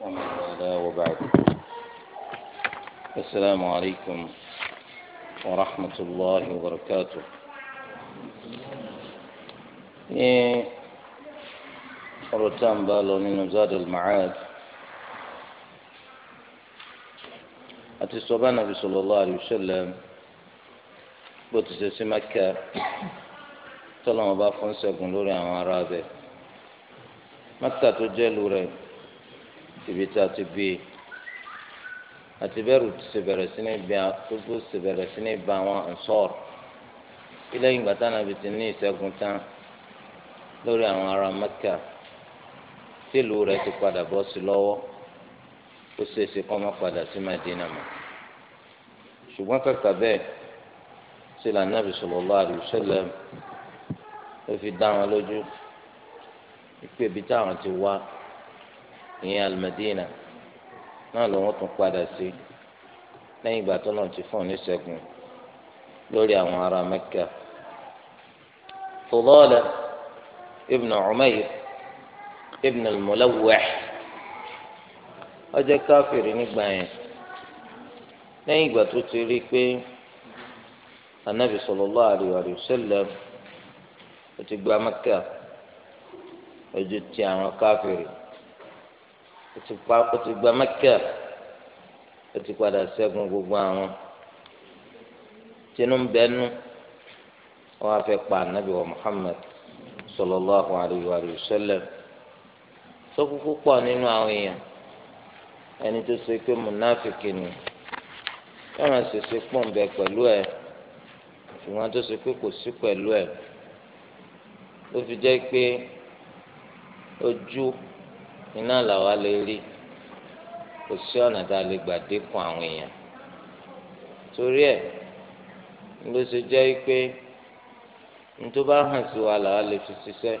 ومن والاه وبعد السلام عليكم ورحمة الله وبركاته إيه رتام بالو من زاد المعاد أتي النبي صلى الله عليه وسلم بوتسيسي مكة tọ́lọ́mọba بافون ṣẹ́gun لوري àwọn ará bẹ́ẹ̀ mẹ́ta tó ibi tí a ti bí i àti bẹ́rù tó ṣe bẹ̀rẹ̀ sí ní bí a tó tó ṣe bẹ̀rẹ̀ sí ní bá àwọn ànsọ́ọ̀rù ilé ìgbà táwọn ibi ti ní ìṣẹ́gun tán lórí àwọn ará Mẹ́kà tílùú rẹ̀ ti padà bọ́ sí lọ́wọ́ ó ṣeéṣe kó má padà sí Madina mọ́ ṣùgbọ́n kàkà bẹ́ẹ̀ sí lànàbì sallallahu alaihi wasallam ó fi dá wọn lójú ìpè ibi táwọn ti wá ìyẹn alimadina náà lòun tún padà sí lẹ́yìn ìgbà tó lọ́n ti fún un níṣẹ́gun lórí àwọn ará mẹ́kà Fudala ibn Umayr ibn al-Mulawih ó jẹ́ káfíìrì nígbà yẹn lẹ́yìn ìgbà tó ti rí pé anabi sallallahu alaihi wa sallam ti gba mẹ́kà ojú ti àwọn káfíìrì ó ti gba Mẹ́kà ó ti padà ṣẹ́gun gbogbo àwọn tinúbẹ́nu wọn á fẹ́ pa ànábì wa Muhammad sallallahu alayhi wa sallam tó kúkú pọ̀ nínú àwọn èèyàn ẹni tó ṣe pé mùnáfìkì ni káwọn ṣèṣe pọ̀ ń bẹ pẹ̀lú ẹ̀ ṣùgbọ́n tó ṣe pé kò sí pẹ̀lú ẹ̀ ló fi jẹ́ pé ojú. iná làwa lè rí kò sí ọ̀nà tá a lè gbà dínkù àwọn èèyàn torí ẹ̀ ló ṣe jẹ́ pé nítorí bá hàn sí wa lè fi ṣiṣẹ́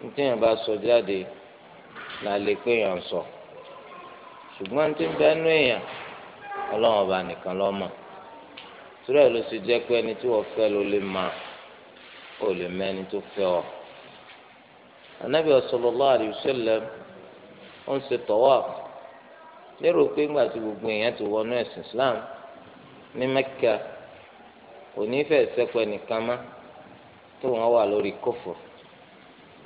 nítorí yẹn bá sọ jáde là lè pé èèyàn sọ ṣùgbọ́n tí ń bẹ́nu èèyàn ọlọ́run ọba nìkan ló torí ẹ̀ ló ṣe jẹ́ pé ẹni tí wọ́n fẹ́ ló lè máa lè mẹ́ni tó fẹ́ ọ. anabi sallallahu alayhi wa sallam ó ń ṣe tawaf lérò pé ńgbà tí gbogbo èèyàn ti wọnú islam ní mẹ́kà kò ní fẹ́ sẹ́pẹ́ nìkan tó wà lórí kófò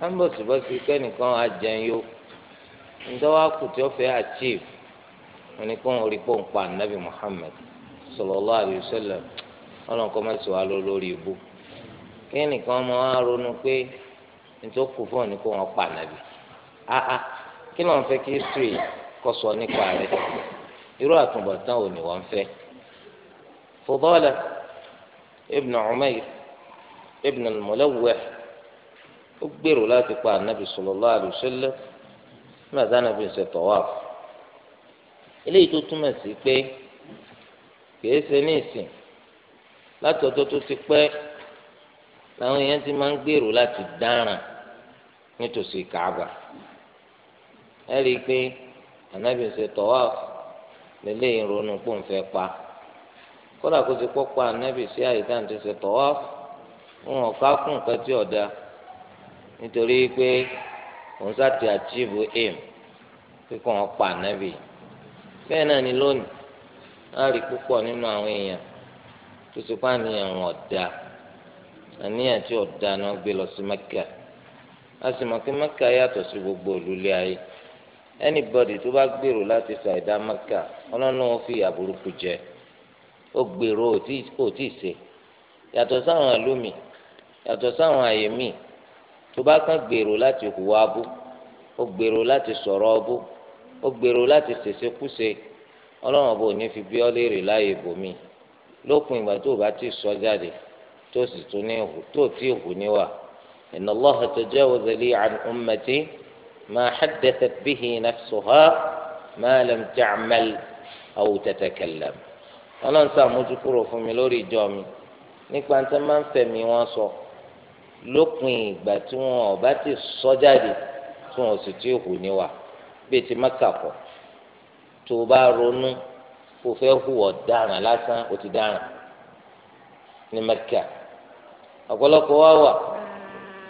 á ń bọ̀ síbọ̀ sí kẹ́nìkan á jẹun yó Achif àkùtì ọ̀fẹ́ achieve wọn ni kó wọn rí pọ̀ ń pa anabi muhammed ọlọ́nkọ́ mẹ́sàn-án lórí ibú nítorí kù fún ọ̀nì kó wọn pa nàbì áá ah, ah, kí ló ń fẹ́ kí history kọ́ sọ nípa rẹ̀ irú àtúbọ̀tán ò ní wọ́n fẹ́ Fudala ibn Umayr ibn al ó gbèrò láti pa ànábì sallallahu alaihi wasallam nígbà ànábì ṣe tawaf eléyìí tó túmọ̀ sí pé kìí ṣe ní ìsìn láti ọjọ́ tó ti pẹ́ làwọn èèyàn ti máa ń gbèrò láti dáràn nítòsí kaaba ẹ rí i pé ànábì ṣe tawaf lélẹ́yìn ronú pò ń fẹ́ pa kódà kó ti kópa ànábì sí àyíká ní ti ṣe tawaf wọn ò ká nǹkan tí ọ̀dà nítorí pé òun sáti àchíìbù aim kíkọ́ wọn pa ànábì bẹ́ẹ̀ náà ni lónìí á rí púpọ̀ nínú àwọn èèyàn tó ti pa ọ̀dà àníyàn a sì mọ̀ pé yàtọ̀ sí gbogbo olùlé ayé anybody tó bá gbèrò láti sọ àìdá mẹ́kà ọlọ́run ó fi àbúrúkú jẹ ó gbèrò ó tí ì ṣe yàtọ̀ sáwọn àlómi yàtọ̀ sáwọn àyè míì tó bá kàn gbèrò láti hùwà abú ó gbèrò láti sọ̀rọ̀ abú ó gbèrò láti ṣèṣe kúṣe ọlọ́run ọba ò ní fi bí ọ́ léèrè láàyè bòmí lópin ìgbà tó o bá ti sọ jáde tó sì tún ní tó tí ì hù níwà. إن الله تجاوز لي عن أمتي ما حدثت به نفسها ما لم تعمل أو تتكلم Ọlọ́run sàmójúkúrò fún mi lórí ìjọ mi nípa tí wọ́n máa ń fẹ̀mí wọn sọ lópin ìgbà tí wọn ò bá ti sọ jáde tí wọn ò sì ti hù níwà bíi ti mẹ́kà kọ̀ tó o bá ronú kó o fẹ́ hù ọ̀daràn lásán o ti dáràn ní mẹ́kà ọ̀pọ̀lọpọ̀ wá wà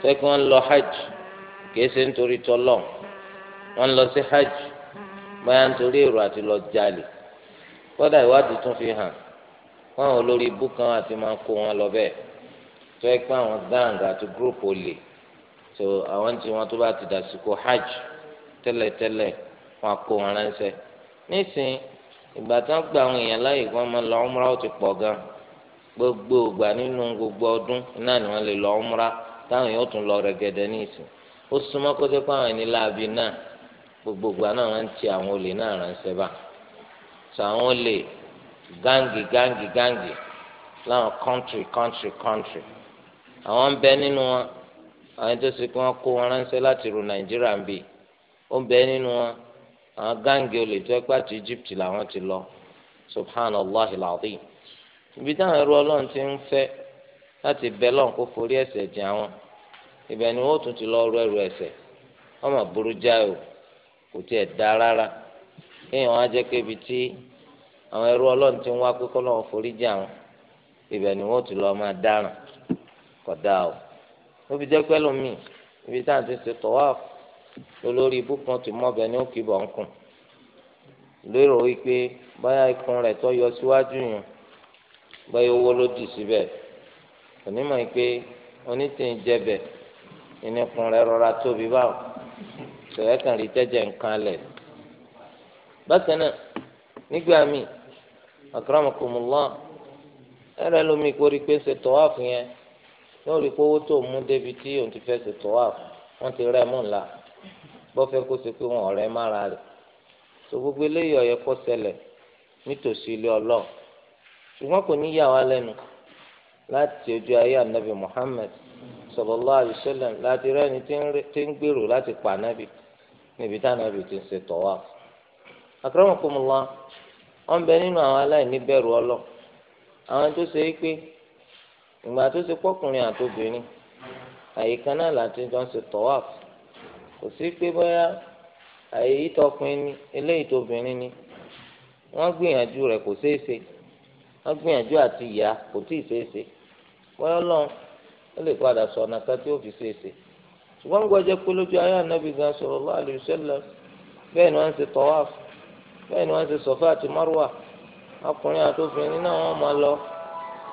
sẹ́kì wọ́n lọ hajj kìí ṣe nítorí tọ́lọ̀ wọ́n lọ sí hajj báyà nítorí èrò àti lọ jalè kọ́dà ìwádìí tún fi hàn wọ́n àwọn olórí ibú kan àti máa kó wọn lọ bẹ́ẹ̀ tó ẹ pé àwọn gang àti group olè tó àwọn tí wọ́n tó bá ti dàsìkò hajj tẹ́lẹ̀tẹ́lẹ̀ wọ́n á kó wọn ránṣẹ́ nísìnyí ìgbà tí wọ́n gba àwọn èèyàn láyè kí wọ́n máa lọ ọmúra ó ti pọ̀ gan gbogbo ìgbà nínú gbogbo ọdún náà ni wọ́n lè lọ ọmúra. táwọn yóò tún lọ rẹ̀gẹ̀dẹ̀ ní ìsìn ó súnmọ́ kó tó pàwọn ẹni láabi náà gbogbogbò náà wọ́n ń ti àwọn olè náà ránṣẹ́ bá sọ àwọn olè gáǹgì gáǹgì gáǹgì láwọn kọ́ńtì kọ́ńtì kọ́ńtì àwọn bẹ nínú wọn àwọn tó ṣe pé wọ́n kó wọn ránṣẹ́ láti ru nàìjíríà ń bì ó bẹ nínú wọn àwọn olè tó ti egypt subhanallah ibi táwọn ẹrú ti ń láti bẹ lọ́n kó forí ẹsẹ̀ jìn àwọn ibẹ̀ ni wọ́n tún ti lọ rú ẹrù ẹsẹ̀ ọmọ burú jáì kò tiẹ̀ da rárá kéèyàn wá jẹ́ pé ibi tí àwọn ẹrú ọlọ́run ti ń wá pé forí jìn àwọn ibẹ̀ lọ máa dáràn ó jẹ́ pẹ́ lómi ibi ti ṣe olórí ibú kan ti mọ́ ní òkè bọ̀ ń kùn lérò yọ síwájú yẹn owó ló dì síbẹ̀. Si onímọ̀ yìí pé onítìyìn jẹbẹ̀ ìnìkùn rẹ̀ rọra tóbi báwò sọ̀rọ̀ kan rí tẹ́jẹ̀ nǹkan lẹ̀. bákan náà nígbà míì akramakumullah ẹ̀rọ ẹlòmíì kó rí pé ṣe tọ́wáfù yẹn yóò rí pé owó tó mú débi tí òun ti fẹ́ ṣe tọ́wáfù wọ́n ti rẹ́ mú ńlá bọ́fẹ́ kó ṣe pé wọn ọ̀rẹ́ mára rẹ̀ so gbogbo eléyìí ọ̀yẹ́ kó ṣẹlẹ̀ nítòsí ilé ọlọ́ọ̀ ṣùgbọ́n kò ní yà wá lẹ́nu láti ojú ayé ànábì Muhammad sallallahu alaihi wasallam láti rẹ́ni tí ń gbèrò láti pa ànábì níbi tá ànábì ti ń ṣe tọ́wá. akramakumullah wọn bẹ nínú àwọn aláìní bẹ̀rù ọlọ́ àwọn tó ṣe é pé ìgbà tó ṣe pọ́kùnrin àtobìnrin àyíká náà láti jọ ń ṣe tọ́wá kò sí pé bóyá àyè ìtọkùnrin ni eléyìí tóbìnrin ni wọ́n gbìyànjú rẹ̀ kò ṣeé wọ́n gbìyànjú àti ìyá kò tí ì ṣeéṣe wọ́n lọ́n ó lè padà sọ ọ̀nà kan tí ó fi ṣeéṣe ṣùgbọ́n ń gbọ́jẹ́ pé lójú ayé ànábì gan sallallahu alaihi wasallam bẹ́ẹ̀ ni wọ́n ń ṣe tawaf bẹ́ẹ̀ ni wọ́n ń ṣe sọ̀fà àti márùwà ọkùnrin àti obìnrin náà wọ́n máa lọ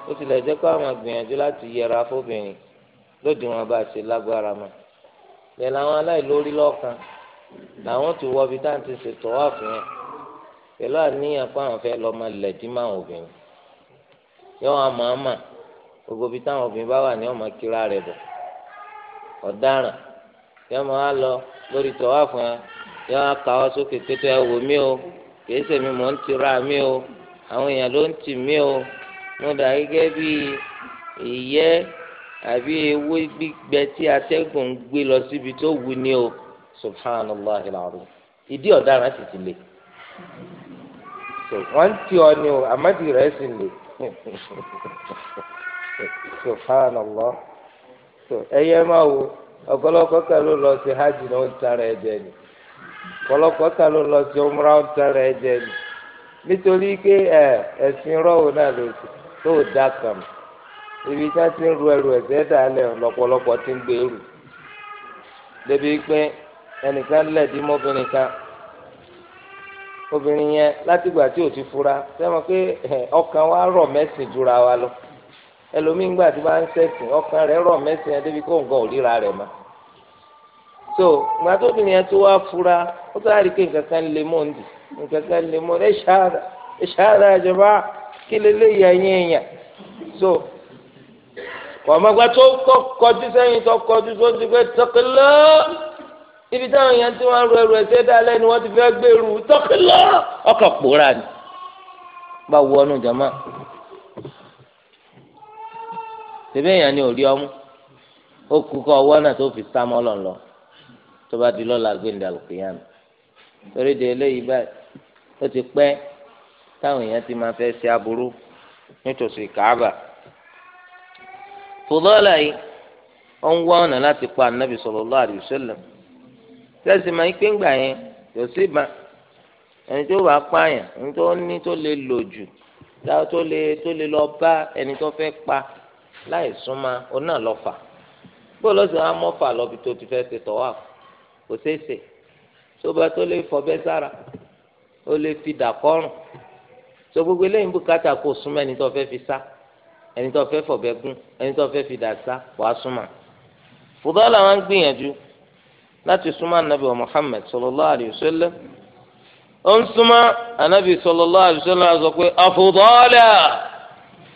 ó tilẹ̀ jẹ́ pé àwọn gbìyànjú láti yẹra fóbìnrin lóde wọn bá ṣe lágbára mọ́ bẹ́ẹ̀ làwọn aláìlórí lọ́kàn làwọn ti wọ ibi táwọn ti ṣe tawaf yẹn pẹ̀lú àníyàn pé àwọn fẹ́ lọ́ọ́ máa lẹ̀dí máa obìnrin yọ àmọ́ ama, gbogbo ibi táwọn obìnrin bá wà ní ọmọ kíra rẹ̀ bọ̀ ọ̀daràn yọ ọmọ wa lọ lórí tọ́wá fún ẹ yọ akáwọ́ sókè pété ẹ wò mí o kìí ṣèmi mò ń tira mí o àwọn èèyàn ló ń tì mí o mo dà gẹ́gẹ́ bí ìyẹ́ àbí ewé gbígbẹ tí atẹ́gùn ń gbé lọ síbi tó wù ní o subhanallah ilaahu ìdí ọ̀daràn sì ti le wọ́n ń tì ọ ni o àmọ́dì rẹ̀ sì le. subhanallah ẹyẹ máa wo ọ̀pọ̀lọpọ̀ kan ló lọ sí hajj náà ń tara ẹ̀jẹ̀ ni ọ̀pọ̀lọpọ̀ kan ló lọ sí umrah ń tara ẹ̀jẹ̀ ni nítorí pé ẹ̀sìn rọ́wò náà ló tó dá kàn ibi tí wọ́n ti ń ru ẹrù ẹ̀sẹ̀ dálẹ̀ lọ́pọ̀lọpọ̀ ti ń gbèrú débi pé obìnrin yẹn gba tí ò ti fura sẹ́wọ̀n pé ọkàn wa rọ̀ mẹ́sìn jura wa lọ ẹlòmíín gbà tí wọ́n ń sẹ́sìn ọkàn rẹ̀ rọ̀ mẹ́sìn yẹn débi kó nǹkan ò rẹ̀ so ìgbà tó obìnrin tó wá fura ó tó nǹkan kan lè nǹkan kan lè ẹ ìjọba kí èèyàn so tó kọjú tó kọjú ibi táwọn èèyàn ti wọn ru ẹrù ẹsẹ̀ dálẹ̀ ni wọn ti fẹ́ gbèrú tọkìlọ ọkọ pòórá ni bá wọ jama tẹbẹ èèyàn ni ò rí ọmú ó kú kọ náà tó fi sá mọlọ lọ tó bá di lọ́la gbẹndẹ àlùkìyàn torí de eléyìí báyìí ó ti pẹ́ táwọn èèyàn ti máa fẹ́ ṣe aburú nítòsí Káàbà fòlọ́ọ̀lá yìí ó ń wá ọ̀nà láti pa sẹ́sì máa ń pé ńgbà yẹn kò sí ìbá ẹni tó bá pààyàn ẹni tó ní tó lè lò jù tó lè tó lè lọ bá ẹni tó fẹ́ pa láì súnmọ́ òun náà lọ fà bó lọ́sọ̀ á mọ́ fà lọ́bi tó ti fẹ́ ṣe tọ́wà kò ṣeé ṣe tó bá tó lè fọbẹ́ sára ó lè fi dàkọ́rùn tó gbogbo eléyìí bùkátà kò súnmọ́ ẹni tó fẹ́ fi sá ẹni tó fẹ́ fọbẹ́ gún ẹni tó fẹ́ fi dà sá wàá súnmọ́ fùdọ́ làwọn gbìyànjú láti súnmọ́ anabi wa muhammed sallallahu alayhi wa sallam ó ń súnmọ́ anabi sallallahu alayhi wa sallam a sọ pé afudọ́lá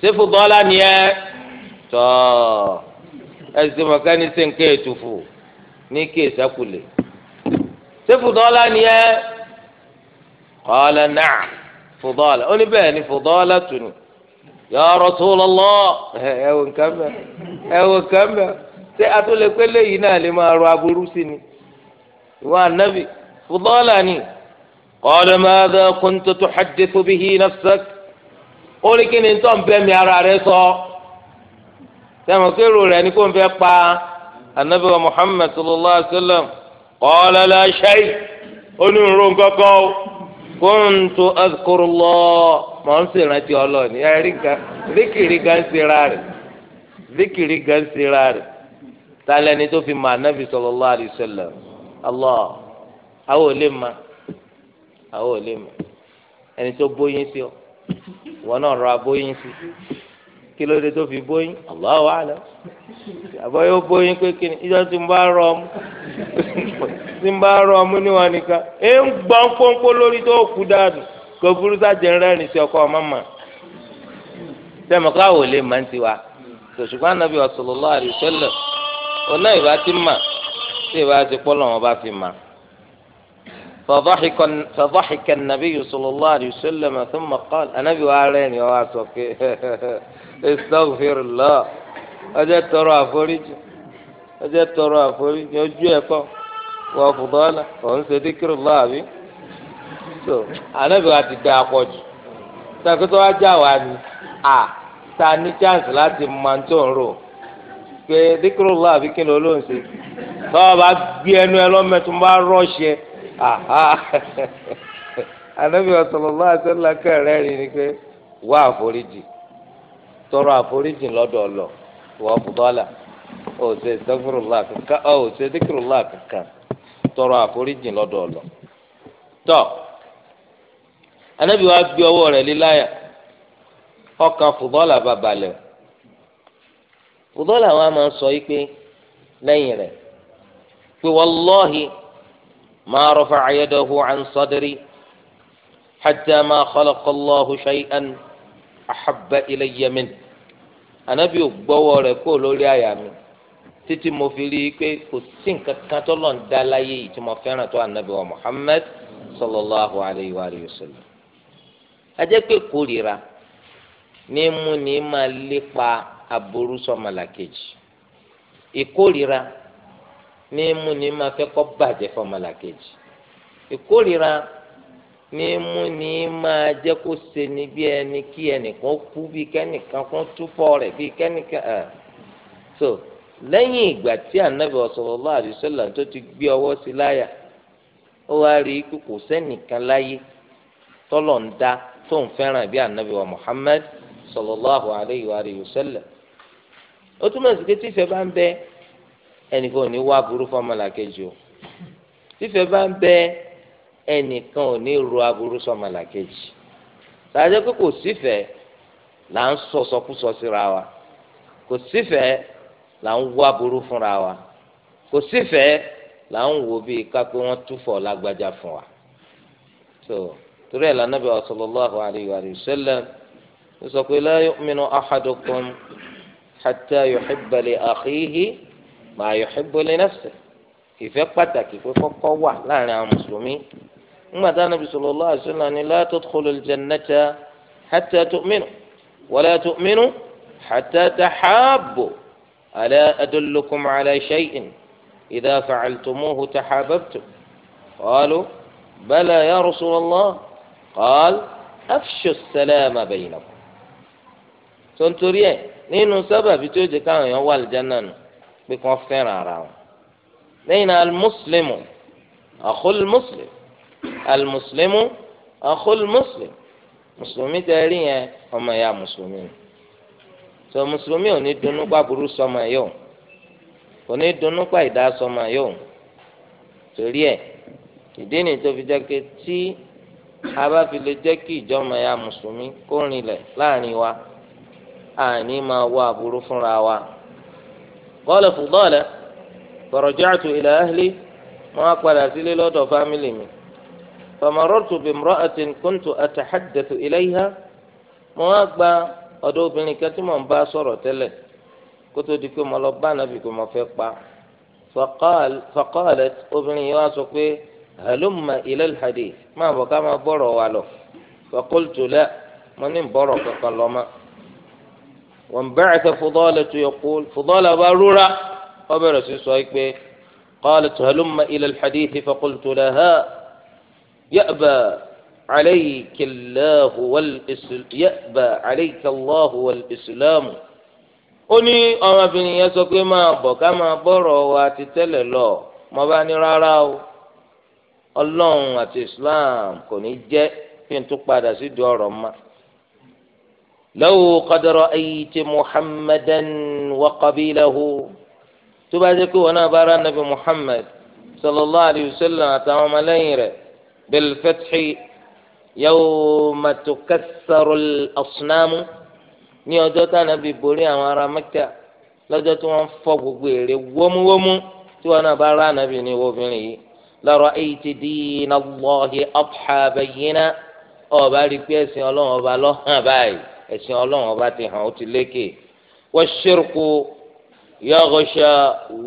ṣé fudọ́lá ni ẹ tọ́ ẹ sì mọ̀ ká ní sẹ́ńkẹ́ ètùfù ní kí èsàkùlẹ̀ ṣé fudọ́lá ni ẹ qala na'am fudọ́lá ó ní bẹ́ẹ̀ ni fudọ́lá tù ní ya Rasulullah ẹ wò nǹkan bẹ ẹ nǹkan bẹ ṣé atúlẹ̀pẹ́lẹ́ yìí náà lè máa rọ aburú sí ni ìwà ànábì fúdọ́là ni qala madha kunta tuhaddithu bihi nafsak ó ní kí ni tó ń bẹ́ mi ara rẹ sọ sẹ́wọ̀n kérò rẹ̀ ni kò ń fẹ́ pa ànábì wa Muhammad sallallahu alayhi wa sallam qala la shay ó ní nró kankan o kuntu adhkurullah mọ̀ ń ṣèrántí ọlọ́ọ̀ni zikiri gan ṣera rẹ̀ zikiri gan ṣera rẹ̀ tálẹ́ni tó fi mọ ànábì sallallahu alayhi wa sallam. allah àwọn ò lè ma àwọn ò ma ẹni tó bóyin sí ọ wọn náà rọ abóyin sí kí ló dé tó fi bóyin allah wà lọ àbọ̀ yóò bóyin pé kí ni ìjọ tí mo bá rọ ọmú tí mo bá rọ ọmú níwọ̀n nìkan ẹ ń gbọ́n pọ́npọ́ lórí tó kú dànù kò burú sájẹ rẹ́rìn sí ọkọ ọmọ tiwa tòṣùpá nàbí ọ̀nà tí ìbá ti ما lọ́wọ́ ما fi فضحك النبي صلى الله عليه وسلم ثم قال أنا بوارين يا واسوك استغفر الله أجا ترى أفوريج أجا ترى أفوريج يجي أكو وأفضاله وأنسى ذكر الله بي so anabi wa ti da akọju sakoto wa já wa ni a ta pé díkìrúlá àbí kí ni olóhùn ṣe tọ́ ọ bá gbé ẹnu ẹ lọ́mọ tó ń bá anabi ọ̀sọ̀lọ́lá àtẹ́lá kẹrẹ́ rí ni pé wá àforíjì tọrọ àforíjì lọ́dọ̀ ọ̀lọ́ wọ́n bùdọ́là ó ṣe díkìrúlá kankan ó ṣe díkìrúlá kankan tọrọ àforíjì lọ́dọ̀ ọ̀lọ́ anabi wa gbé ọwọ́ rẹ̀ líláyà ọkàn fùdọ́là bàbà lẹ́wọ̀. ọ̀dọ́ làwọn máa ń sọ yìí pé lẹ́yìn rẹ̀ pé wàlọ́hì máa rọ̀fà àyẹ̀dọ̀hù àn sọ́dẹ̀rì hàjà máa kọ́lọ́kọ́lọ́hù ṣayán àhàbà ilẹ̀ yẹmin ànábì ò gbọ́wọ́ rẹ̀ kó lórí àyà mi títí mo fi rí i pé kò sí nǹkan kan tó lọ́n dá láyé yìí tí mo fẹ́ràn tó ànábì wa Muhammad sallallahu alayhi wa sallam. ajẹ́ pé kórìíra ní mú ni máa lépa. aburú sọmọlàkejì ìkórira ní mú ni máa fẹ́ kọ́ bàjẹ́ fọmọlàkejì ìkórira ní mú ni máa jẹ́ kó se ni bí ẹni kí ẹnìkan kú bí kẹ́nìkan kún túfọ̀ rẹ̀ bí kẹ́nìkan ẹ̀ so lẹ́yìn ìgbà tí anabi sallallahu alaihi wasallam tó ti gbé ọwọ́ sí láyà ó wá rí i pé kò sẹ́nìkan láyé tọ́lọ̀ ń dá tó ń fẹ́ràn bí anabi wa Muhammad sallallahu alaihi wa sallam ó túmọ̀ sí pé tífẹ̀ bá ń bẹ ẹnìkan ò ní wá aburú fọmọlàkejì o tífẹ̀ bá ń bẹ ẹnìkan ò ní ro aburú sọmọlàkejì tàjẹ́ pé kò sífẹ̀ là ń sọ sọkúsọ síra wa kò sífẹ̀ là ń wá aburú fúnra wa kò sífẹ̀ là ń wo bíi kápẹ́ wọ́n túfọ̀ lágbájá fún wa so torí ẹ̀ lànà bí wa sallallahu alayhi wa sallam ó sọ pé la yu'minu ahadukum. حتى يحب لأخيه ما يحب لنفسه كيف يقبطك كيف يفقوا لا أنا مسلمي ما دان النبي صلى الله عليه وسلم أن لا تدخل الجنة حتى تؤمنوا ولا تؤمنوا حتى تحابوا ألا أدلكم على شيء إذا فعلتموه تحاببتم قالوا بلى يا رسول الله قال أفشوا السلام بينكم تنتريه nínú sábàbí tó jẹ káwọn èèyàn wà àlùjáná nù pé kí wọ́n fẹ́ràn ara wọn lẹ́yìn náà almuslimu akhul muslim almuslimu akhul muslim mùsùlùmí tẹ rí yẹn ọmọ ya mùsùlùmí tó mùsùlùmí ò ní dunnú pa burú sọmọ yóò kò ní dunnú pa ìdá sọmọ yóò torí ẹ ìdí ni tó fi jẹ pé tí a bá fi lè jẹ kí ìjọmọ ya mùsùlùmí kó rinlẹ̀ láàrin wa àní máa wá aburú fúnra wa. qala Fudala faraja'tu ila ahli wọ́n á padà sílé lọ́dọ̀ fámìlì mi. famarartu bimra'atin kuntu atahaddathu ilayha wọ́n á gba ọ̀dọ̀ obìnrin kan tí mò ń bá sọ̀rọ̀ tẹ́lẹ̀ kótó di pé mo lọ bá nàbì pé mo fẹ́ pa. faqalat obìnrin yìí wá sọ pé halumma ila al máa bọ̀ ká máa bọ̀rọ̀ wa lọ. faqultu la mo ní bọ̀rọ̀ kankan lọ́mọ́. وانبعث فضالة يقول فضالة بارورة وبرس سويك قالت هلم إلى الحديث فقلت لها يأبى عليك الله والإسلام يأبى عليك الله والإسلام ó ní ọmọbìnrin yẹn sọ pé máa bọ̀ ká máa bọ̀rọ̀ wa ti tẹ́lẹ̀ lọ mo bá ní rárá o ọlọ́run àti islam kò ní jẹ́ kí n tún padà sí di ọ̀rọ̀ ma لو قد رأيت محمدا وقبيله تبارك وانا بارا النبي محمد صلى الله عليه وسلم أتمام ليرة بالفتح يوم تكسر الأصنام ní ọjọ́ tá nàbí borí àwọn ará mẹ́kà lọ́jọ́ tí wọ́n fọ́ gbogbo èrè wómúwómú tí wọ́n náà bá rà nàbí ní obìnrin yìí lọ́rọ̀ èyí ti di iná lọ́ọ̀hì ọ̀pá bẹ̀yìn náà rí pé ọlọ́run ọba lọ́hàn báyìí ẹ̀sìn ọlọ́run ọba ti hàn ó ti lékè wash-shirku yaghsha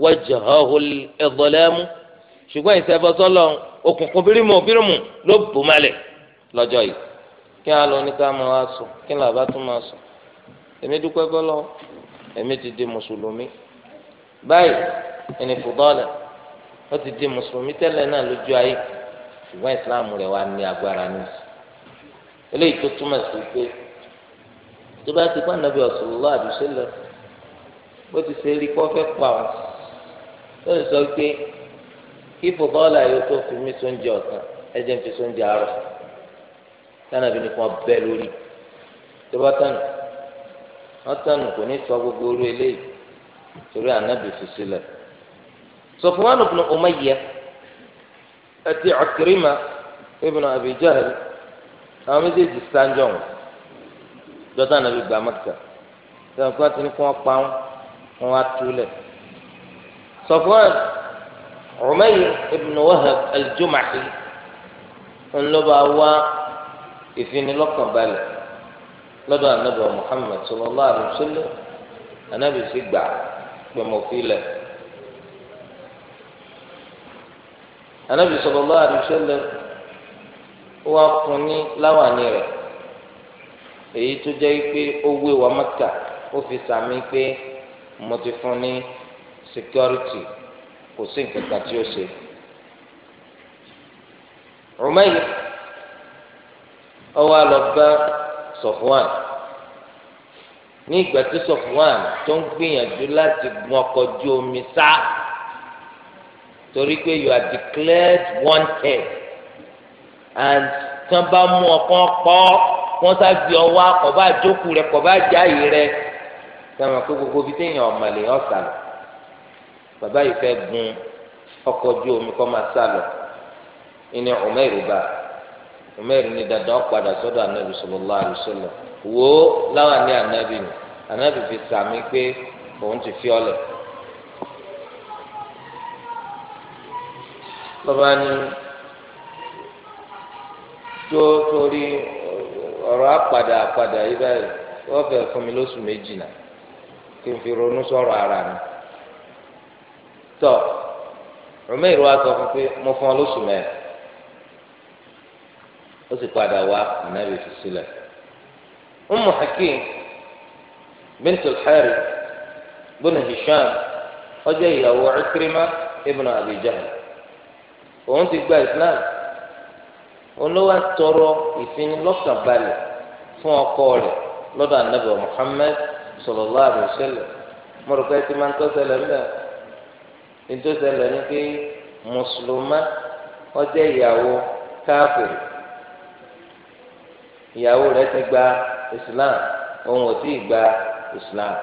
wajhahu al-idlamu ṣùgbọ́n ìṣẹ́bọ sọ́lọ́run òkùnkùn bírímù bírímù ló bò malẹ̀ lọ́jọ́ yìí kí á lọ ní ká máa wá sùn kí ni àbá tún máa sùn èmi dúpẹ́ bọ́lọ́ èmi ti di mùsùlùmí báyìí ẹni fùdọ́ọ̀lẹ̀ ó ti di mùsùlùmí tẹ́lẹ̀ náà lójú ayé ṣùgbọ́n ìsìláàmù rẹ̀ wá ní agbára nísì eléyìí tó túmọ̀ sí pé tó bá ti pàǹdà bí ọ̀sọ̀lọ́ àdùsẹ́lẹ̀ bó ti ṣe rí kó fẹ́ pa ọ́ ó lè sọ pé kí bọ́ọ̀lù ayọ̀ tó fi mí sóúnjẹ ọ̀sán ẹ̀jẹ̀ ń fi sóúnjẹ àárọ̀ tánàbí nìkan bẹ́ lórí tó bá tánù wọ́n tánù kò ní sọ gbogbo orú eléyìí torí ànábì fi sílẹ̀ Sufwan ibn Umayyah àti Ikrima ibn Abi Jahl àwọn méjèèjì sáńjọ̀ wọn jọ́tà nàbí gba mọ́kà tí wọ́n gbọ́dọ̀ ní kí wọ́n pa wọn wọ́n á túlẹ̀. Safwan Umayr ibn Wahab al-Jumahi ńlọba wá ìfinilọ́kànbalẹ̀ lọ́dọ̀ anabi Muhammad sallallahu alaihi wasallam anabi sì gbà pé anabi sallallahu alaihi wasallam wọ́n ní láwàní rẹ̀ èyí tó jẹ́ pé ó wé wa mọ́kà ó fi sàmì pé mo ti fún ní security kò sí nǹkan kan tí ó ṣe. Umayr ọwọ́ àlọ́ bá Sọ̀fúnwàn ní ìgbà tí Sọ̀fúnwàn tó ń gbìyànjú láti gun ọkọ̀ ojú omi sá torí pé you are declared wanted and tán bá mú ọkàn pọ̀ wọ́n sá fi ọwọ́ kọ̀bá àjókù rẹ kọ̀bá àjáyè rẹ sẹ́wọ̀n pé gbogbo bíi téèyàn ọ̀mọ̀lẹ̀ ọ̀ sàlọ̀ bàbá yìí fẹ́ gun ọkọ̀ ojú omi kọ́ máa sàlọ̀ ìní ọ̀mẹ́rù bá ọ̀mẹ́rù ni dandan padà sọ́dọ̀ anabi sallallahu alaihi wasallam wo láwọn ní anabi ni anabi fi sàmì pé òun ti fi ọlẹ̀ lọ́ba ni tó torí. ọ̀rọ̀ apàdà apàdà yìí báyìí wọ́n fẹ́ fún mi lóṣù méjì náà kí n fi ronú ara mi tọ́ sọ fún pé mo fún ọ lóṣù mẹ́rin ó sì padà wá ìnáwó fi sílẹ̀ Ummu Hakim bintul Harith bin Hisham ó ìyàwó Ikrima ibn Abi Jahl òun ti gba Islam. olówó atọrọ ìfinilọ́kànbalẹ̀ fún ọkọ rẹ̀ lọ́dọ̀ anabi muhammed sallallahu alaihi wasallam mọ̀rọ̀kọ́ ẹ máa ń tọ́sẹ̀lẹ̀ ńlẹ̀ nítòsẹ̀lẹ̀ ní pé mùsùlùmá ọjọ́ ìyàwó káfíìrì ìyàwó rẹ̀ gba islam òun ò tí ì gba islam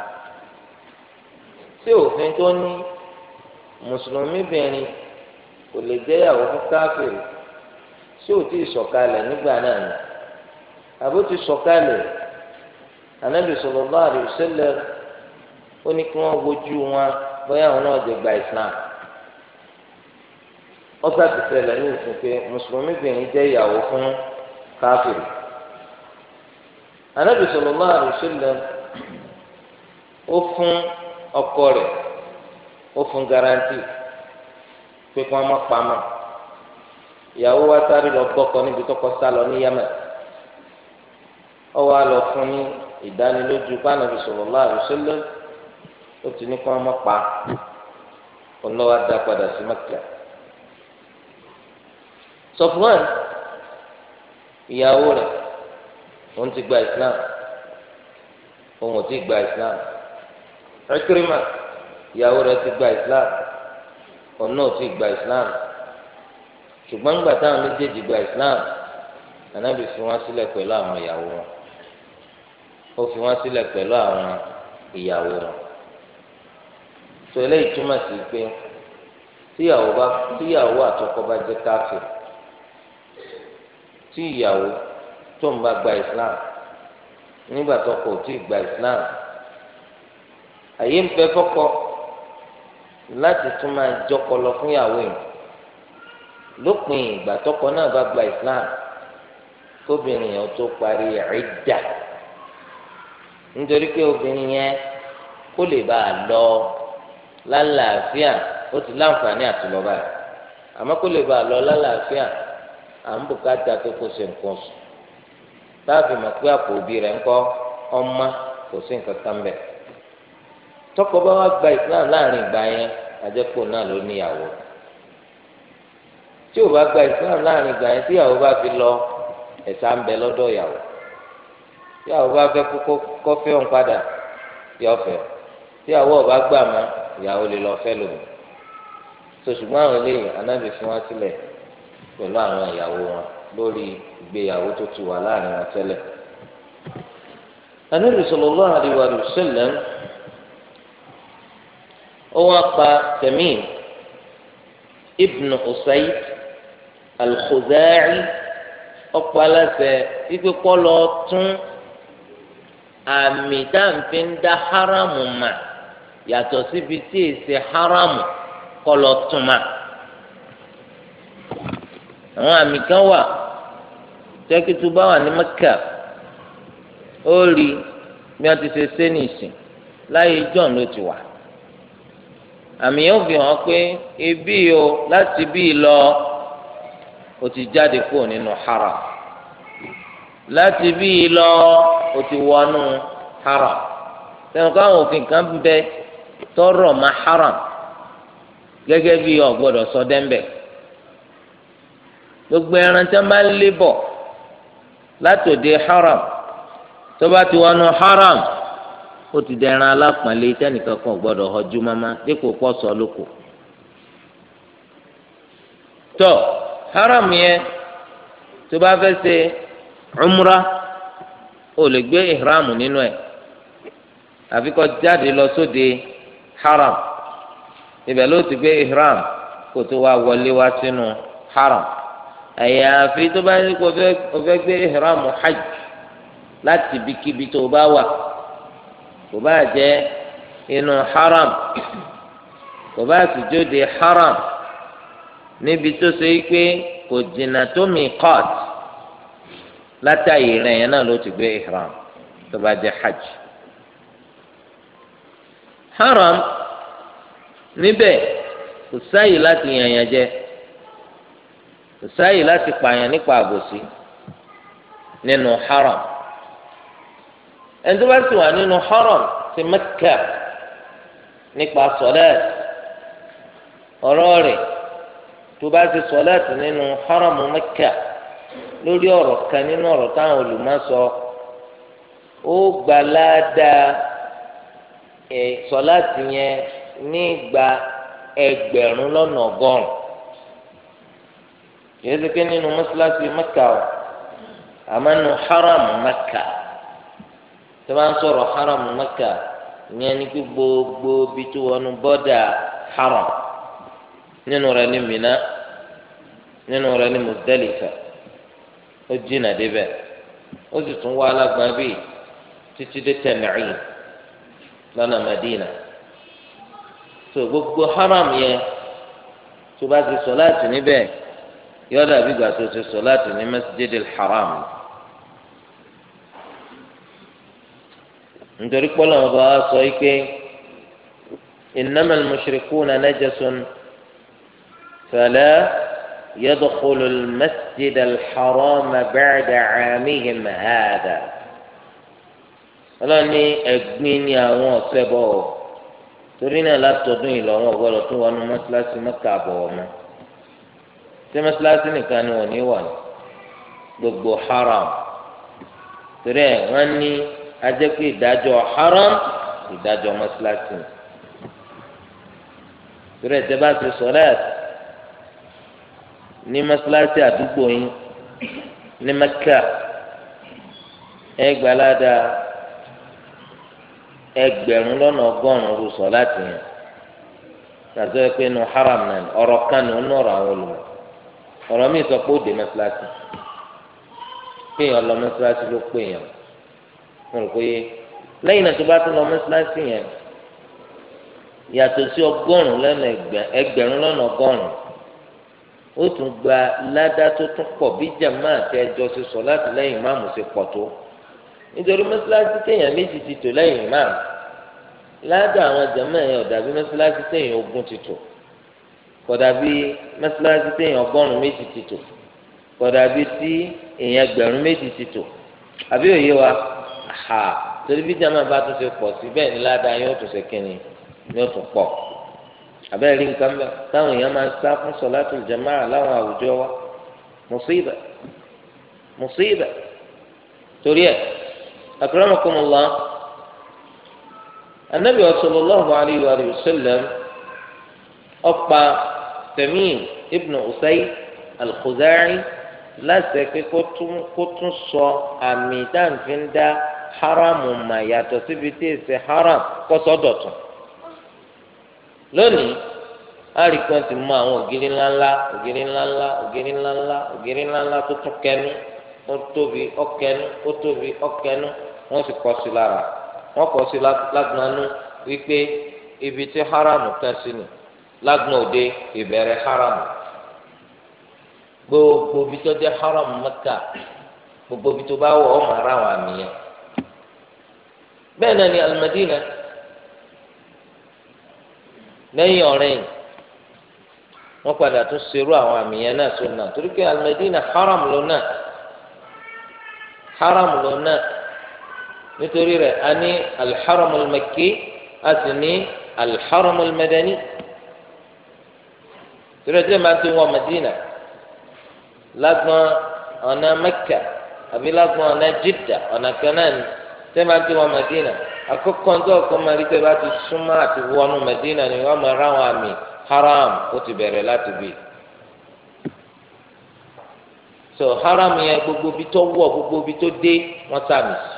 tí òfin tó ní mùsùlùmí bìnrin kò lè jẹ́yàwó fún tí ò tí ì sọ̀kalẹ̀ nígbà náà ni àbó ti sọ̀kalẹ̀ ànábì ó ní kí wọ́n wojú wọn bóyá náà gba islam ti ní òfin pé mùsùlùmí bìnrin jẹ́ ìyàwó fún káfíìrì ọkọ ó garanti pé kí ìyàwó wa sáré lọ gbọ́kọ níbi tọkọ sá lọ ní Yemen ó wá lọ fún ní ìdánilójú pánàbí sallallahu alaihi wasallam ó ti ní kí wọ́n mọ̀ pa ọlọ́wà dá padà sí Mẹ́kà Sọfúnwán ìyàwó rẹ̀ òun ti gba Islam òun ò ti gba Islam Ẹkírìmà ìyàwó rẹ̀ ti gba Islam òun náà ti gba Islam ṣùgbọ́n nígbà táwọn méjèèjì gba islam anábì fi wọ́n sílẹ̀ pẹ̀lú àwọn ìyàwó wọn ó fi wọ́n sílẹ̀ pẹ̀lú àwọn ìyàwó wọn tó eléyìí túmọ̀ sí pé tíyàwó bá tíyàwó àtọkọ bá jẹ́ káfíìn tí ìyàwó tó ń bá gba islam nígbà tó kò tí ì gba islam àyè ń bẹ fọ́kọ láti tún máa jọkọ lọ fún ìyàwó yìí. lópin ìgbà tọkọ náà bá islam kóbìnrin yẹn tó parí ẹ̀ẹ́dà nítorí pé obìnrin yẹn kó lè bá a lọ lálàáfíà ó ti láǹfààní àtúlọ́ba rẹ̀ àmọ́ kó lè bá a lọ lálàáfíà à ń bùkátà pé kó ṣe nǹkan sùn táàbì mọ̀ pé àpò òbí rẹ̀ ń kọ́ ọmọ kò islam láàrin ìgbà yẹn àjẹpọ̀ náà ló níyàwó tí o bá gba islam láàrin ìgbà yẹn tíyàwó bá fi lọ ẹ̀sà ń bẹ lọ́dọ̀ ìyàwó tíyàwó bá fẹ́ kókó kọ́fẹ́ òun padà yọ fẹ́ ọba gbà mọ́ ìyàwó lè lọ fẹ́ lòun àwọn eléyìí anábì fún wa sílẹ̀ pẹ̀lú àwọn ìyàwó wọn lórí ìgbéyàwó tó ti wà láàrin wọn tẹ́lẹ̀ ó ibn alxuzaari ọkọ aláṣẹ wípé kó lọ tún àmì dáǹfẹ́ ń dá haramu mà yàtọ̀ síbi tí èsì haramu kó lọ tún mà àwọn àmì kan wà tẹ́kítù bá wà ní mẹ́kà ó rí bí wọ́n ti ṣe ṣe nìsín láyé john ló ti wà àmì yóò fi hàn pé ibi o láti bí lọ o ti jáde kúrò nínú haram láti bí i lọ o ti wọnú haram sẹ́wọ̀n káwọn òfin kan bẹ tọrọ ma haram gẹ́gẹ́ bí o gbọ́dọ̀ sọ dẹ́ńbẹ̀ gbogbo ẹran tí wọ́n bá ń lé bọ̀ látòde haram tó bá ti wọnú haram ó ti dẹran alápọ̀nlé tẹ́nìkan kan gbọ́dọ̀ ọjú mọ́mọ́ dípò pọ̀ lóko. tọ́ haram yẹn tó bá fẹ́ ṣe umra ó lè gbé ihram nínú ẹ̀ àfi kó jáde lọ sóde haram ibẹ̀ ló ti gbé ihram kó tó wá wọlé wá sínú haram àyàfi tó bá ní kó o fẹ́ gbé ihram hajj láti ibikíbi tó o bá wà kò bá jẹ́ inú haram kò bá sì jóde haram. níbi tó ṣe yí pé kò jìnnà tó mi kọ́t látàyè rẹ̀ yẹn náà ti gbé ihram tó bá jẹ́ hajj. haram níbẹ̀ kò sáyè láti yànyàn jẹ kò sáyè láti pààyàn nípa àbòsí nínú haram ẹni sì haram ti Mẹ́kà nípa sọlẹ́ẹ̀tì ọ̀rọ̀ tó bá ṣe sọláàtì nínú haramu mẹ́kà lórí ọ̀rọ̀ kan nínú ọ̀rọ̀ táwọn olùmọ̀ sọ ó gbà ládàá sọláàtì yẹn nígbà ẹgbẹ̀rún lọ́nà ọgọ́rùn yìí ti pé nínú mọ́ṣáláṣí mẹ́kà o àmọ́ nínú haramu mẹ́kà tó bá ń sọ̀rọ̀ haramu mẹ́kà ìyẹn ni pé gbogbo bí tó wọnú bọ́dà haram. nínú rẹ̀ ní Mina nínú rẹ̀ ní na ó jìnnà débẹ̀ ó sì tún wá alágbá bíi títí dé Tan'im lọ́nà Madina tó gbogbo haram yẹn tó bá ti sọ láti níbẹ̀ yọ̀dà bí gbà tó ti sọ láti ní Masjidil Haram. nítorí pọ́lọ́mù bá sọ yìí pé innamal mushrikuna najasun. فلا يدخل المسجد الحرام بعد عامهم هذا ni ẹ̀gbin ni àwọn ọ̀sẹ̀ bọ̀ ọ́ torí náà látọdún yìí lọ́wọ́ ọ̀gbọ́dọ̀ tó wọnú mosilasi mọ́ta àbọ̀ ọ̀mọ́ ṣé mosilasi nìkan ni wọ́n ní wà gbogbo haram torí ẹ̀ wọ́n ní ajẹ́pé ìdájọ́ haram ìdájọ́ mọ́síláṣí torí ẹ̀ tẹ́ bá ti sọ̀rọ̀ ẹ̀ ní mọ́sálásí àdúgbò yín ní mẹ́kà ẹgbàládà ẹgbẹ̀rún lọ́nà ọgọ́rùn-ún rúṣọ láti yàn tàbí ẹ pé nu haram náà ni ọ̀rọ̀ kan ní ọ̀nà ọ̀rọ̀ àwọn olùmọ̀ ọ̀rọ̀ mi sọ pé ó dé mọ́sálásí péyàn lọ mọ́sálásí ló péyàn mo rò pé lẹ́yìn náà tó bá tún lọ mọ́sálásí yẹn yàtọ̀ sí ọgọ́rùn-ún lọ́nà ẹgbẹ̀rún lọ́nà ó tún gba ládá tó tún pọ̀ bí jàmá àti ẹjọ́ ṣe sọ láti lẹ́yìn máàmù ṣe pọ̀ tó nítorí mọ́sálásí téèyàn méjì ti tò lẹ́yìn máàmù ládá àwọn jàmá yẹn ò dàbí mọ́sálásí téèyàn ogún ti tò kò dàbí mọ́sálásí ọgọ́rùn-ún méjì ti tò kò tí èèyàn gbẹ̀rún méjì ti tò àbí òye wa ha torí bí jàmá bá tún ṣe pọ̀ sí bẹ́ẹ̀ ni ládá yóò tún ṣe kíni yóò tún pọ̀ abẹ́rẹ́ rí nǹkan bẹ́ẹ̀ táwọn èèyàn máa ń sá fún sọ̀látù jamaa láwọn àwùjọ wa mùsíbà mùsíbà torí ẹ̀ akramakumullah anabi sallallahu alayhi wa sallam ọ̀pá Tamim ibn Usay al-Khuzai láti pé kó tún sọ àmì dáǹfin haramu mà síbi tí èsì haram kọ́sọ́ dọ̀tún. lónìí àríkàn ti mú àwọn ògiri ńláńlá ògiri ńláńlá ògiri ńláńlá ògiri ńláńlá tó tún kẹnu ó tóbi ọkẹnu ó tóbi ọkẹnu wọ́n sì kọ sí lára kọ sí wípé ibi haramu sí ni òde haramu gbogbo tó haramu gbogbo tó bá wọ ọmọ ara wà nìyẹn náà ni lẹ́yìn ọ̀rẹ́yìn wọ́n padà tún ṣerú àwọn àmì yẹn náà sọ náà torí pé alimẹ́dínà haram ló náà haram ló náà nítorí rẹ̀ a ní alḥaram al-makki a sì ní alḥaram al-madani torí ẹjẹ máa ti wọ Madina lágbọn ọ̀nà Mẹ́kà àbí lágbọn ọ̀nà Jidda ọ̀nà kan náà ẹjẹ máa ti wọ Madina àkọ́kọ́ ń tó ọkọ máa rí pé bá ti súnmọ́ àti wọnú Mẹdínà ni wọ́n máa ráwọn àmì haram ó ti bẹ̀rẹ̀ láti bì so haram yẹn gbogbo bí tó wọ̀ gbogbo bí tó dé wọ́n sàmì sí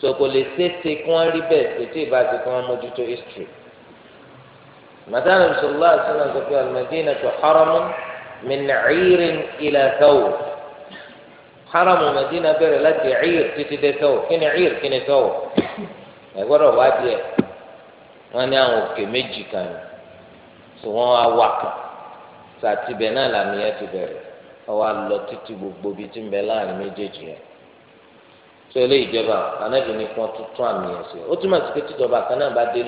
so kò lè ṣeéṣe kí wọ́n rí bẹ́ẹ̀ pété ìbá ti kí wọ́n mójútó history màtánà bisalòlá àti sọlá ń sọ pé al-Madinatu haramun min 'irin ila thawb. haramu medina di na ẹyìr títí dé tọwọ kíni ẹyìr kíni tọwọ ẹ gbọ́dọ̀ wá díẹ̀ wọn ní àwọn òkè méjì kan ní tí wọn wá naanị kan sàtìbẹ náà ti bẹ̀rẹ̀ ọwọ alọ títí gbogbo bíi ti ń bẹ láàrin méjèèjì yẹn anábì ní kí wọn tún tún àmì yẹn ó sí pé kan náà bá dé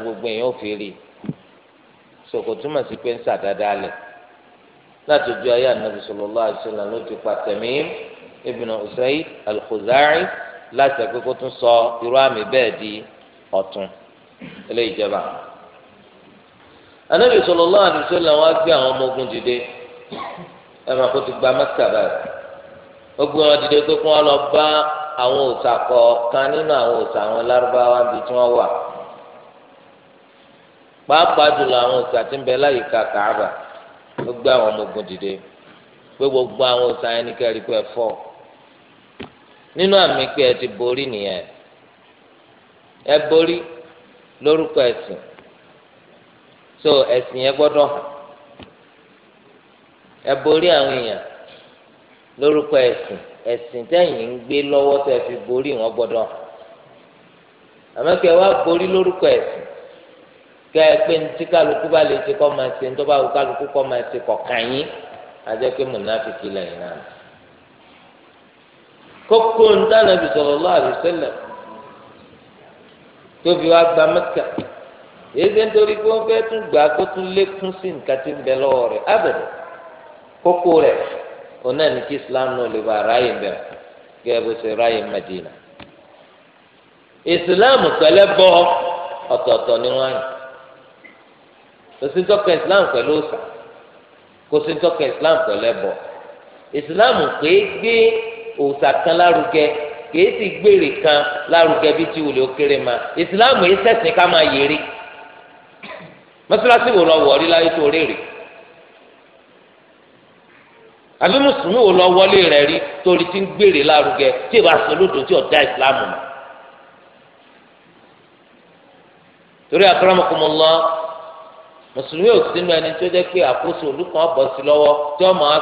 gbogbo ò fi sòkò túmọ̀ sí pé ń sàdáadáa alẹ̀ láti ojú ayé anabi sallallahu alaihi ló ti pa Tamim ibn Usayd láti kó tún sọ irú àmì di ọ̀tún ilé ìjọba anabi sallallahu alaihi wasallam ọmọ ogun dìde gba wọn dìde pé kí lọ bá àwọn nínú àwọn àwọn lárúbáwá pàápàá jùlọ àwọn òòṣà tí ń bẹ láyìíká kàába ó gbé àwọn dìde pé gbogbo àwọn òòṣà yẹn ní pé fọ́ nínú àmì pé ẹ ti borí nìyẹn ẹ borí lórúkọ ẹ̀sìn so ẹ̀sìn yẹn gbọ́dọ̀ ẹ borí àwọn èèyàn lórúkọ ẹ̀sìn ẹ̀sìn tẹ̀yìn ń gbé lọ́wọ́ fi borí wọn gbọ́dọ̀ wá borí lórúkọ kẹ́ ẹ pé kálukú bá lè ṣe kọ́ máa ṣe ntọ́ bá wù kálukú kọ́ máa ṣe kọ̀ọ̀kan yín adé pé mùnàfíkì lẹ́yìn náà. kókó ntànàbì sallallahu alaihi wasallam tóbi wá gba Mẹ́kà èyí ń torí pé wọ́n fẹ́ tún gbà kó tún lékún sí nǹkan tí ń bẹ lọ́wọ́ rẹ̀ Islam náà Madina pẹ̀lẹ́ bọ́ ọ̀tọ̀ọ̀tọ̀ kò sí tọ́kọ̀ islam pẹ̀lú ọ̀sà kò sí tọ́kọ̀ islam pẹ̀lú ẹbọ islam pé gbé ọ̀sà kan lárugẹ kìí sì gbèrè kan lárugẹ bí tí wòlé ó kéré ma islam yìí sẹ̀sìn ká máa yèrè mọ́sálásí wo lọ wọ̀ọ́rí láyé tó rèrè àbí mùsùlùmí wo lọ wọlé rẹ̀ rí torí tí ń gbèrè lárugẹ tí ìbá sọlódò tí ọ̀dá islam mọ̀ torí akramakumullah mùsùlùmí ò sínú ẹni tó jẹ́ pé àkóso olùkọ́ bọ̀ sí lọ́wọ́ tí wọ́n máa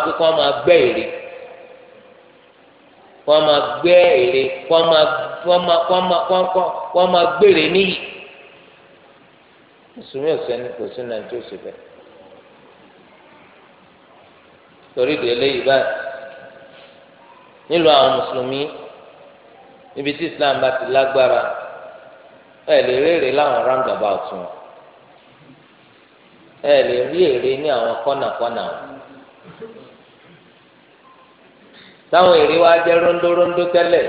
gbé kí wọ́n máa gbẹ́ èrè kí wọ́n máa gbẹ́ èrè kí wọ́n máa kí wọ́n máa gbèrè níyì mùsùlùmí ò sẹ́ni kò sínú ẹni tó sì bẹ́ẹ̀ torí ìdè eléyìí báyìí nílùú àwọn mùsùlùmí níbi tí Islam bá ti lágbára ẹ̀ lè rèrè láwọn roundabout wọn. ẹ lè rí èrè ní àwọn kọ́nàkọ́nà o táwọn èrè wa jẹ́ rondórondó tẹ́lẹ̀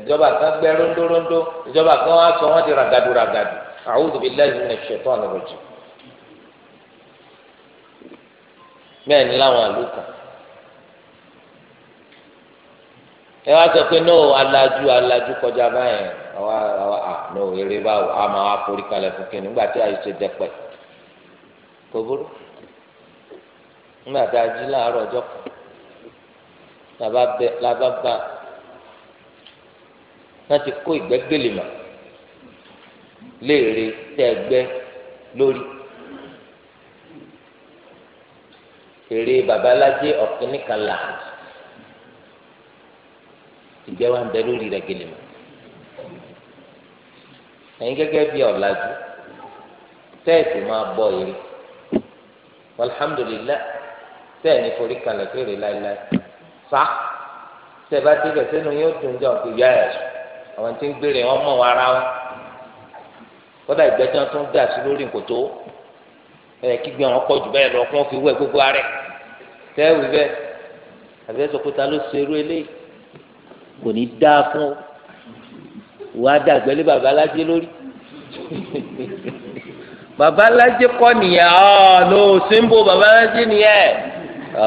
ìjọba kan gbẹ́ rondórondó ìjọba kan wá sọ wọ́n ti ràgàdù ràgàdù a'udhu billahi minash shaitanir rajim bẹ́ẹ̀ ni láwọn àlù kan ẹ wá sọ pé no alájú alájú kọjá báyẹn àwa àwa ah, èrè àmọ́ àforíkalẹ̀ fún kínní nígbà tí àyè ṣe kò burú nígbà tá a jí láàárọ̀ ọjọ́ kan làbá bá wọn ti kó ìgbẹ́gbẹ́lì mọ́ léèrè tẹ́gbẹ́ lórí èrè babalájé ọ̀kìnní kan là ìgbẹ́ wa ń bẹ lórí rẹ̀ gèlè mọ́ ẹ̀yin gẹ́gẹ́ bí ọ̀làjú tẹ́ẹ̀sì máa bọ̀ èrè alhamdulilah tẹ́ẹ̀ ní forí kalẹ̀ fèrè láéláé fa tẹ́ẹ̀ bá ti bẹ̀ sẹ́nu yóò dùn jọ pé yẹ́s àwọn tí ń gbére wọn mọ̀ wọn ara wọn kódà ìgbẹ́jọ́ tó ń dà sí lórí nkòtó ẹ̀ kí gbé wọn kọ́ jù bẹ́ẹ̀ lọ kí fi wẹ̀ gbogbo arẹ tẹ́ẹ̀ wí bẹ́ẹ̀ àbí ẹ̀ ló ṣe eré kò ní dáa fún wa dàgbẹ́lé bàbá alájẹ lórí babalaji kọ́ nìyẹn ọ́ ah, no simbo babalaji nìyẹn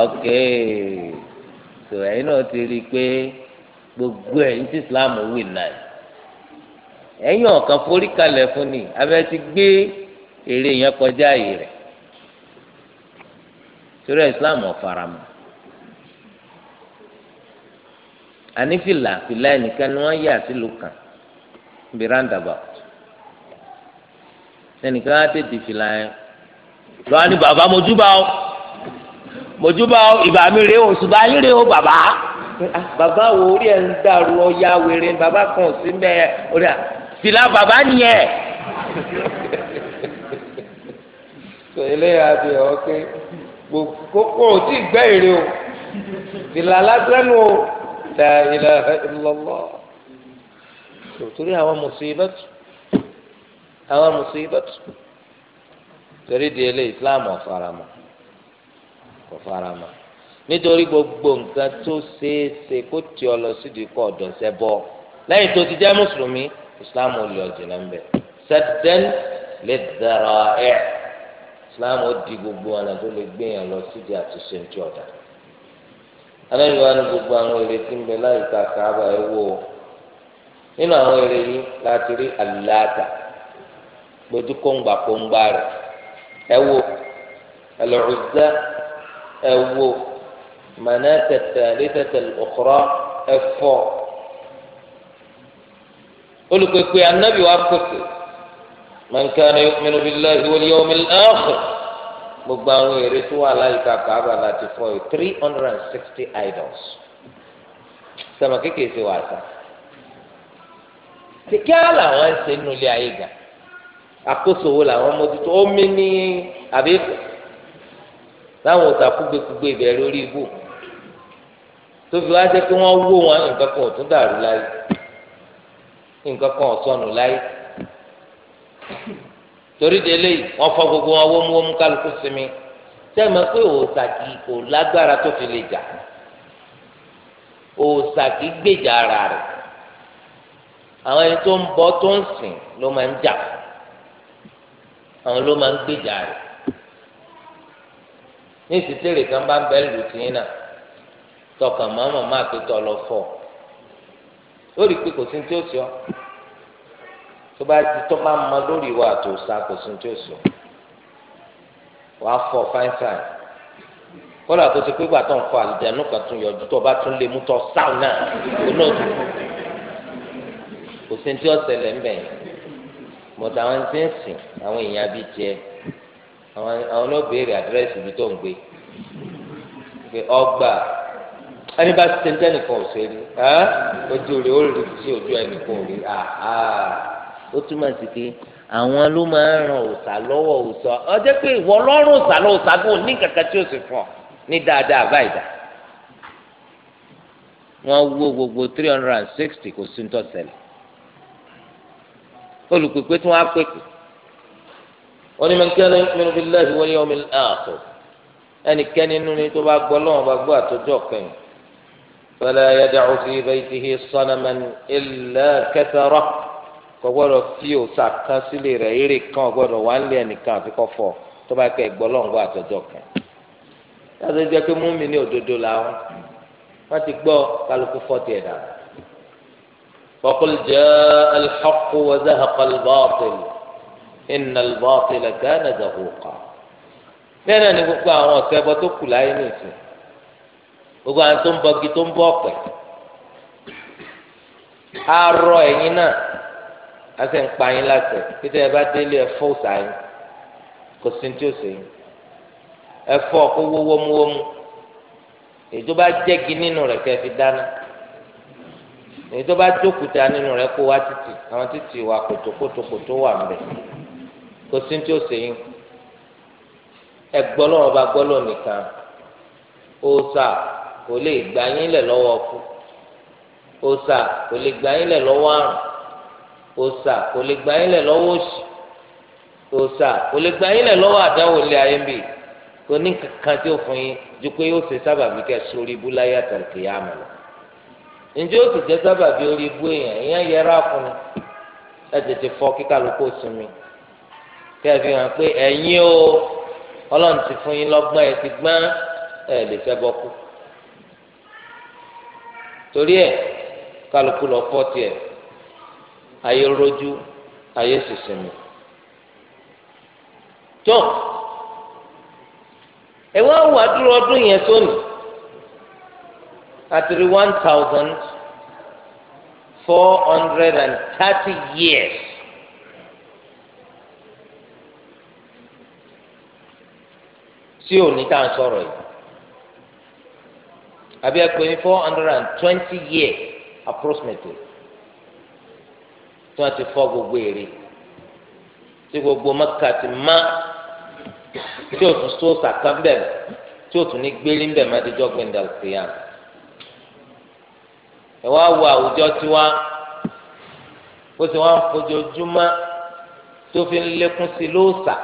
ok so ẹ̀yin náà ti rí i pé gbogbo ẹ̀ ní ti islam wì náà ẹ̀yin ọ̀kan forí kalẹ̀ fún ni abẹ́ ti gbé èrè yẹn kọjá ààyè rẹ torí islam ọ̀farama ànífìlà fìlà ẹnìkan ni wọ́n yà sílùú kan bí roundabout. ẹnìkan á tètè fìlà yẹn lọ́wọ́ ni bàbá mojúbà ó mojúbà ó ìbà mi rèé o ṣùgbọ́n ayé rèé o bàbá ah, bàbá wo orí ẹ̀ ń dàrú ọ̀ya wèrè bàbá kan sí mẹ́ẹ̀ orí à fìlà bàbá nìyẹn tó eléyà bí ọ pé gbogbo ò tí ì gbẹ́ èrè o fìlà lásán o la ilaha illallah tòtúrí àwọn mùsùlùmí bẹ́ẹ̀ tù. àwọn mùsùlùmí bá tù torí di ilé islam ọ̀farama ọ̀farama nítorí gbogbo nǹkan tó ṣeé ṣe kó tì ọ lọ sídìí kọ ọ̀dọ̀ ṣẹbọ lẹ́yìn tó ti jẹ́ mùsùlùmí islam ò lè ọ̀jìnà ń bẹ̀ sẹ́dẹ́n lè dára ẹ̀ islam ó di gbogbo ọ̀nà tó lè gbéyàn lọ sídìí àtúnṣe ní ti ọ̀dà alẹ́ wa ni gbogbo àwọn èrè tí ń bẹ láyìíká ẹ̀ wò nínú àwọn èrè gbójú kóńgbà kóńgbà rẹ ẹ wo Al-Uzza ẹ wo Manat al-Thalithah al-Ukhra ẹ fọ́ olùkpékpé anabi wa pèpè man kana yu'minu billahi wal yawmil akhir gbogbo àwọn èrè tó wà láyé láyìíká kàába láti fọ yìí three hundred and sixty idols sọmọ kékeré ṣe wà sá kíkẹ́ àlà wọn ṣe nulẹ̀ ayé gan. àkóso wo làwọn mójútó omi ní àbí láwọn òsàkú gbẹkugbẹ ìbẹ̀rẹ̀ orí ibù tóbi wá jẹ́ pé wọ́n wó wọn nǹkan kan ò tún dàrú láyé nǹkan kan ò sọnù láyé torí délé wọ́n fọ́ gbogbo wọn wómúwómú kálukú sinmi sẹ́mi pé òsàkì kò lágbára tó fi lè jà òsàkì gbèjà ara rẹ̀ àwọn ẹni tó ń bọ́ tó ń sìn ló máa ń jà fún àwọn ló máa ń gbèjà rẹ̀ ní ìsítèrè kan bá bẹ́ẹ̀ lù tí yín náà tọkàn mọ́mọ́ máa pé tọ́ lọ fọ́ ó rí i pé kò sí ní tí ó sọ tó bá di tó bá mọ lórí wa tó sa kò sí tí ó sọ wàá fọ fáin fáin kọ́lá tó ti pé gbàtọ̀ ń fọ àlùjánu kan tún yọjú tó bá tún lè mú tọ́ sáù náà náà tó kò sí tí ó ṣẹlẹ̀ ń bẹ̀yìn mọ̀tà àwọn tí ń sìn àwọn èèyàn bíi tiẹ̀ àwọn ló béèrè àdírẹ́sì ibi tó ń gbé pé ọgbà ẹni bá ti tẹ́ntẹ́ nìkan ò ṣe rí ojú rẹ̀ ó rí sí ojú ẹnìkan ò rí ó túmọ̀ sí pé àwọn ló máa ń ran òòṣà lọ́wọ́ òòṣà ọ jẹ́ pé ìwọ ọlọ́run òòṣà lọ òòṣà kò ní kankan tí ó sì fún ọ ní dáadáa àbáìdá wọ́n wó gbogbo three hundred and sixty kò sí ní tọ́sẹ̀lẹ̀ olùpèpè tí wọn á pèpè wọn ni man kana yu'minu billahi wal yawmil akhir ẹnikẹ́ni nínú ni tó bá gbọ́ lọ́wọ́ bá gbọ́ àtọ́jọ́ kẹ́yìn fala yad'u fi baytihi sanaman illa kathara kò gbọ́dọ̀ fi òòsà kan sílé rẹ̀ eré kan gbọ́dọ̀ wà nílé ẹnìkan àfi kọ́ tó bá kẹ́ gbọ́ lọ́wọ́ gbọ́ àtọ́jọ́ kẹ́yìn yàtọ̀ jẹ́ pé mùmínì òdodo làwọn wọ́n ti gbọ́ kálukú fọ́ tiẹ̀ dàgbà. فقل جاء الحق وزهق الباطل إن الباطل كان زهوقا nínú ni gbogbo àwọn ọ̀sẹ̀ bọ́ tó kù láyé nìsín gbogbo àwọn tó ń bọgi tó ń bọ ọ̀pẹ arọ ẹ̀yin náà a sì ń pa yín láṣẹ pété ẹ bá délé ẹ fọ́ òsà yín kò sí tí ó sè yín ẹ fọ́ kó wó wómúwómú èyí tó bá jẹ́gi nínú rẹ̀ kẹ́ fi dáná èyí tó bá jókòtà nínú rẹ̀ kó wá títì àwọn títì wà kòtòkòtòkòtò wà ń bẹ kò sí tí ó ṣe yín ẹgbọ́ lọ́wọ́ bá gbọ́ lọ nìkan òòṣà kò lè gbà yín lẹ̀ lọ́wọ́ ọkú òòṣà kò lè gbà yín lẹ̀ lọ́wọ́ àrùn òòṣà kò lè gbà yín lẹ̀ lọ́wọ́ òṣì òòṣà kò lè gbà yín lẹ̀ lọ́wọ́ àdáwò ilé ayé bì kò ní kankan tí ó fún yín ju pé yóò ṣe sábàbí kẹ́ sórí ibú láyé àtàlùkè yá àmàlà njẹ́ o sì jẹ́ sábà bí orí ibú èèyàn èèyàn yẹra fún un ẹ tètè fọ kíkà ló kó sinmi kẹfì hàn pé ẹ̀yin o ọlọ́run ti fún yín lọ́gbọ́n ẹ ti gbọ́n ẹ lè fẹ́ bọ́ torí ẹ kálukú lọ fọ́ tiẹ̀ ayé rojú ayé sì sinmi tó ẹ wá wà dúró ọdún yẹn sóni àti rí one thousand four hundred and thirty years. tí ò ní tá à ń sọ̀rọ̀ yìí àbí ẹ pè ní four hundred and twenty years approximately tí wọ́n ti fọ́ gbogbo èrè tí gbogbo mọ́kà ti má tí o tún sóòsà kan bẹ̀ tí o tún ní gbélé ń bẹ̀ má ti jọ́ gbẹ̀ndàlùkìyàn ẹ wá wo àwùjọ tiwa bó ti wá ń fojoojúmọ́ tó fi ń lékún sí lóòsà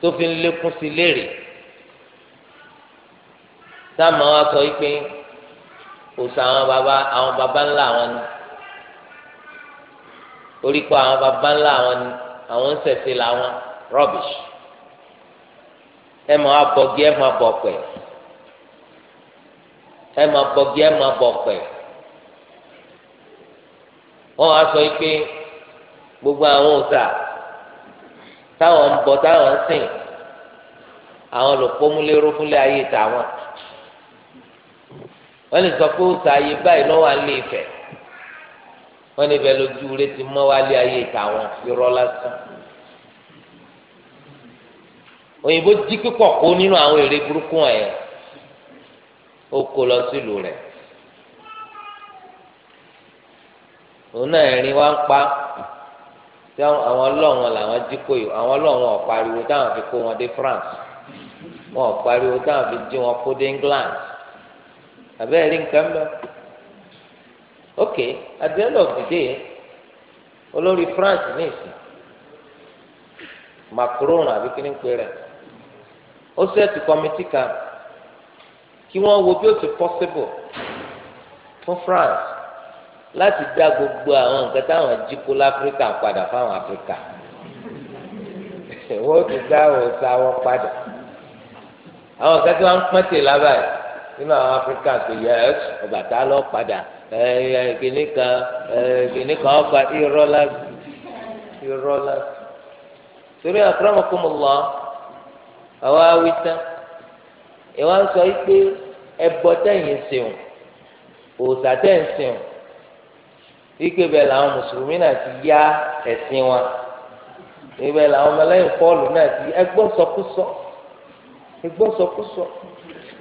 tó fi ń lékún sí léèrè táàmù wa sọ pé òòsà àwọn baba àwọn baba ńlá àwọn ni oríkọ àwọn baba ńlá àwọn ni àwọn ń sẹ̀sẹ̀ làwọn rubbish ẹ máa bọ̀gí ẹ máa bọ̀ pẹ̀ ẹ máa bọ̀gí ẹ máa bọ̀ pẹ̀ wọ́n wá sọ pé gbogbo àwọn òòṣà táwọn ń bọ táwọn ń sìn àwọn olùpọ́nmúlérò fúnlẹ̀ ayé tàwọn wọ́n lè sọ pé òòṣà ayé báyìí lọ́wọ́ à ń lè fẹ̀ wọ́n níbẹ̀ lójú rẹ ti mọ́ wálé ayé tàwọn irọ́ lásán òyìnbó jí pípọ̀ kó nínú àwọn èrè burúkú ẹ̀ ó kó lọ sílùú rẹ̀ òun náà ẹ̀rín wá ń pa tí àwọn ọlọ́run làwọn jí kó yìí àwọn ọlọ́run táwọn fi kó wọn dé France wọn ò táwọn fi jí wọn kó dé England àbẹ́rẹ́ nǹkan mọ́ ok at the end of the day olórí France ní Macron àbí kí ni ń pè ó sẹ́ẹ̀tì wo bí ó ti possible fún France láti dá gbogbo àwọn nǹkan táwọn jí kó láfíríkà padà fáwọn áfíríkà wọ́n ti dá òòsa wọn padà àwọn nǹkan tí wọ́n ń pọ́n tè lábàá nínú àwọn áfíríkà tó yẹ Ọbàtálá lọ padà kìnìkan kìnìkan ọba irọ́ lásì irọ́ lásì torí akramakumullah àwa awi tán ìwà ń sọ yìí pé ẹbọ tẹ̀yìn sìn òòsà tẹ̀yìn sìn ike bẹ́ẹ̀ làwọn mùsùlùmí náà ti yá ẹ̀sìn wọn ibẹ̀ làwọn ọmọlẹ́yìn pọ́ọ̀lù náà ti ẹgbọ́n sọkúsọ ẹgbọ́n sọkúsọ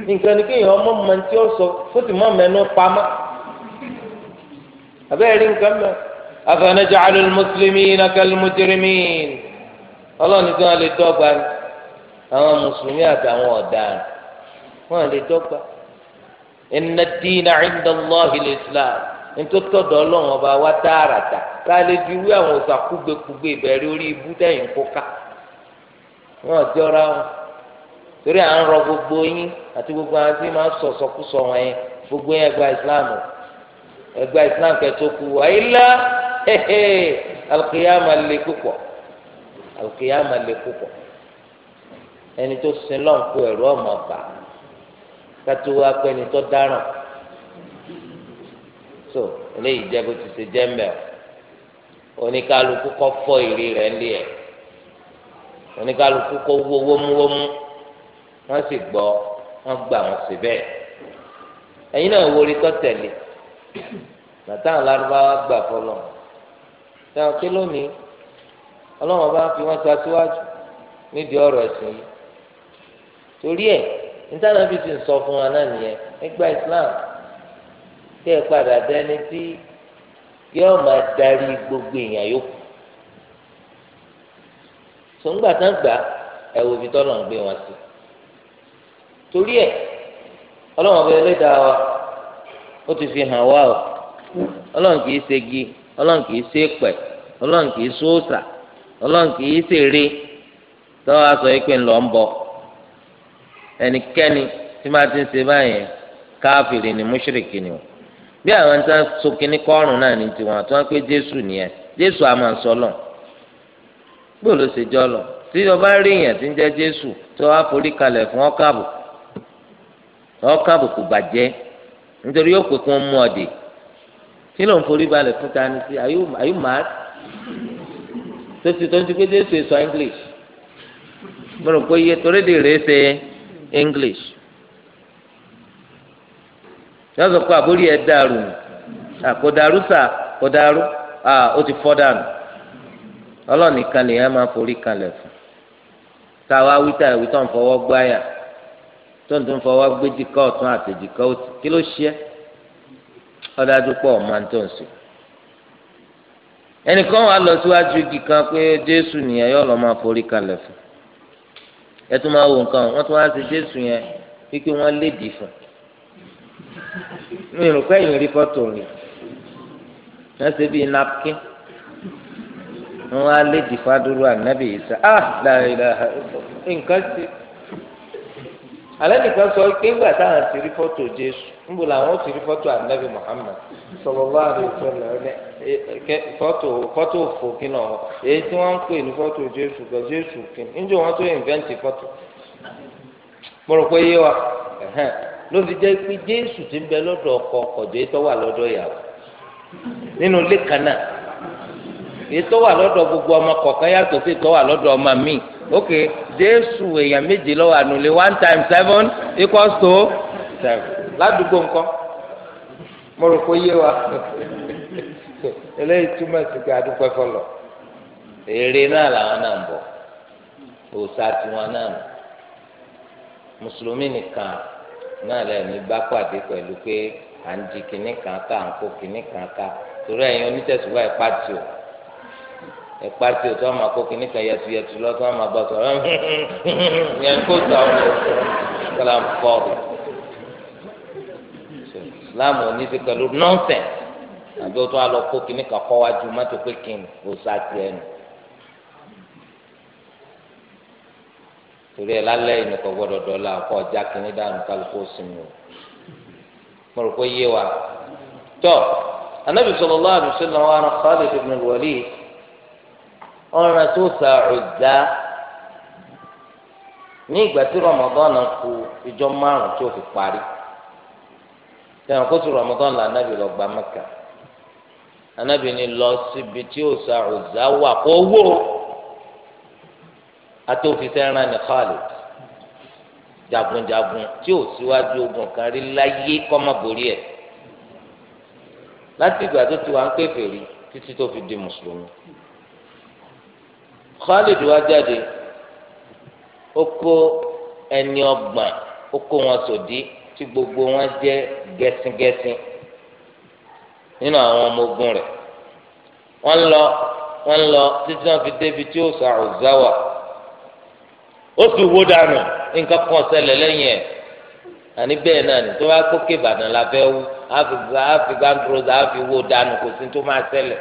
nǹkan ni kéèyàn ọmọ mọ tí ó sọ kó sì mọ mẹnu pamọ́ abẹ́rẹ́ rí nǹkan mẹ́ afanaj'alu al-muslimina kal-mujrimin ọlọ́run nìkan lè dọ́gba àwọn mùsùlùmí àtàwọn ọ̀daràn wọn lè dọ́gba inna ad-dina 'inda Allahi al-Islam ntótọ́dọ̀ ọlọ́run ọba wa tààràtà ká lè fi wí àwọn òòsà kúgbekúgbe ìbẹ̀rẹ̀ orí ibú tẹ̀yìn kóká wọn ò jọra wọn torí à ń rọ gbogbo yín àti gbogbo àwọn tí máa ń sọ sọkúsọ wọn yẹn gbogbo yẹn ẹgbà Islam ẹgbà Islam kẹtó kú àyílá alùkìyàmà lè púpọ̀ alùkìyàmà lè púpọ̀ ẹni tó sin lọ́nkú ẹ̀rọ ọmọ ọba kátó wá tó dáràn so eléyìí jẹ bó ti ṣe jẹ mbẹ oníkálukú kọ fọ ìrì rẹ ń lé ẹ oníkálukú kọ wó wómúwómú wọn sì gbọ́ wọn gbà wọn sí bẹ́ẹ̀ ẹ̀yin náà wọlé tọ tẹ́lẹ̀ bàtà ńlárúbáwá gbà fọlọ táwọn kí lónìí ọlọ́wọ́n bá fi wọ́n sa síwájú nídìí ọ̀rọ̀ ẹ̀sìn yìí torí ẹ̀ nítorí àbí ti ń sọ fún wa náà nìyẹn ẹgbẹ́ Islam. tẹ́ ẹ padà dání tí yóò máa darí gbogbo èèyàn yòókù sọ̀ngbà tán gbà ẹ wò ibi tọ́lọ̀ ń gbé wọn sí torí ẹ ọlọ́run ọba ẹlẹ́dàá wa ó ti fi hàn wá o ọlọ́run kì í ṣegi ọlọ́run kì í ṣe pẹ̀ ọlọ́run kì í ṣóòṣà ọlọ́run kì í tọ́wọ́ aṣọ ń bọ̀ ẹnikẹ́ni tí máa ti bí àwọn tí wọn so kínní kọrùn náà ní tiwọn tí wọn pé jésù nìyẹn jésù tí o rí èèyàn ti ń jẹ́ jésù tó wá forí kalẹ̀ fún ọkàbù ọkàbù kò bàjẹ́ nítorí yóò pè kún mú ọdẹ tí ló ń forí balẹ̀ fún ta are you tó ti tó ń ti english mo rò pé iye torédè rèé ṣe english. yọ sọ pé àbórí ẹ dàrú kò dàrú sà kò dàrú ó ti fọ́ dànù ọlọ́ọ̀nì kan lè yẹn máa forí kalẹ̀ fún táwa wíta ìwé tó ń fọwọ́ gbáyà tó ń tún fọwọ́ gbé jìkà ọ̀tún àti jìkà òtún kí ló ṣe é ọ̀dájú pọ̀ máa ń tó ń sùn ẹnìkan wà lọ síwájú igi kan pé Jésù nìyẹn yóò lọ máa forí kalẹ̀ fún ẹ tún máa wò nǹkan wọ́n tún wá sí Jésù yẹn wípé wọ́n lédìí fún un mi rò pé ìrìn rìpọ́tò rìn wọ́n ṣe bíi napkin wọ́n á lé dìfádúró ànábì ìsà á dàrẹ́dà nǹkan ti alẹ́ nìkan sọ pé ńgbà táwọn ti rí fọ́tò Jésù ńgbò làwọn ti rí fọ́tò ànábì Muhammad sallallahu alaihi wasallam fọ́tò fọ́tò òfò kínà ọ̀ èyí tí wọ́n ń pè ní fọ́tò Jésù gbọ́ Jésù kínà níjọ́ wọn tó invent fọ́tò mo rò pé yé wa ló fi jẹ́ pé jésù ti ń bẹ lọ́dọ̀ ọkọ ọ̀dọ̀ ètò wà lọ́dọ̀ ìyàwó nínú ilé kan náà ètò wà lọ́dọ̀ gbogbo ọmọ kọ̀ọ̀kan yàtọ̀ sí ètò wà lọ́dọ̀ ọmọ mi ok jésù èèyàn méje lọ́wọ́ ànulẹ̀ one times seven equals to seven ládùúgbò ńkọ́ mo rò pé yé wa eléyìí túmọ̀ sí pé adúpẹ́ fọlọ̀ èrè náà làwọn náà ń bọ̀ òòṣà tiwọn náà mùsùlùmí nìkan náà lẹ́ẹ̀ni bá pàdé pẹ̀lú pé à ń di kinní kan ká à ń kó kinní kan ká torí ẹ̀yin onítẹ̀síwá ẹ̀ pàtì o ẹ̀ pàtì o tó àwọn àkó kinní kan yẹtu yẹtu lọ tó àwọn àgbà sọ̀rọ̀ yẹn kó sọ ọ́ kọ́lá ń fọ́ ọ́ Islam ò ní ti pẹ̀lú nọ́ọ̀sẹ̀ àbí o tó àlọ́ kó kinní kan kọ́ wájú mọ́tò pé kí n kò sá tiẹ̀ nù. torí ẹ lálẹ́ yìí nìkan gbọ́dọ̀ dọ̀la ọkọ̀ ọjà kìíní dànù kálukú sinmi o mo rò pé yé wa tọ́ anabi sallallahu alaihi wasallam wa Khalid ibn al-Walid ọ̀ràn tó sa ọ̀dà ní ìgbà tí Ramadan kù ìjọ márùn tí ó fi parí tẹ̀wọ̀n kó tu Ramadan là anabi lọ gba Mẹ́kà anabi ni lọ síbi tí ó sa ọ̀dà wà kó wó atófisẹ́ ẹran ní Khalid jagunjagun tí ò síwájú ogun kan rí láyé kọ́mọ̀bórí ẹ̀ láti ìgbà tó ti wà ń pèfè rí títí tó fi di mùsùlùmí Khalid wá jáde ó kó ẹni ọgbọ̀n ó kó wọn sòdí tí gbogbo wọn jẹ́ gẹ́sígẹ́sí nínú àwọn ọmọ ogun rẹ̀ wọ́n lọ wọ́n lọ títí wọ́n fi débi tí ó sọ àrùzáwà ó sì wó dànù nǹkan kan ṣẹlẹ̀ lẹ́yìn ẹ̀ àní bẹ́ẹ̀ náà ní tó bá kókè ìbàdàn la fẹ́ wú àfi gbàndúrósà àfi wó dànù kò sí tó máa ṣẹlẹ̀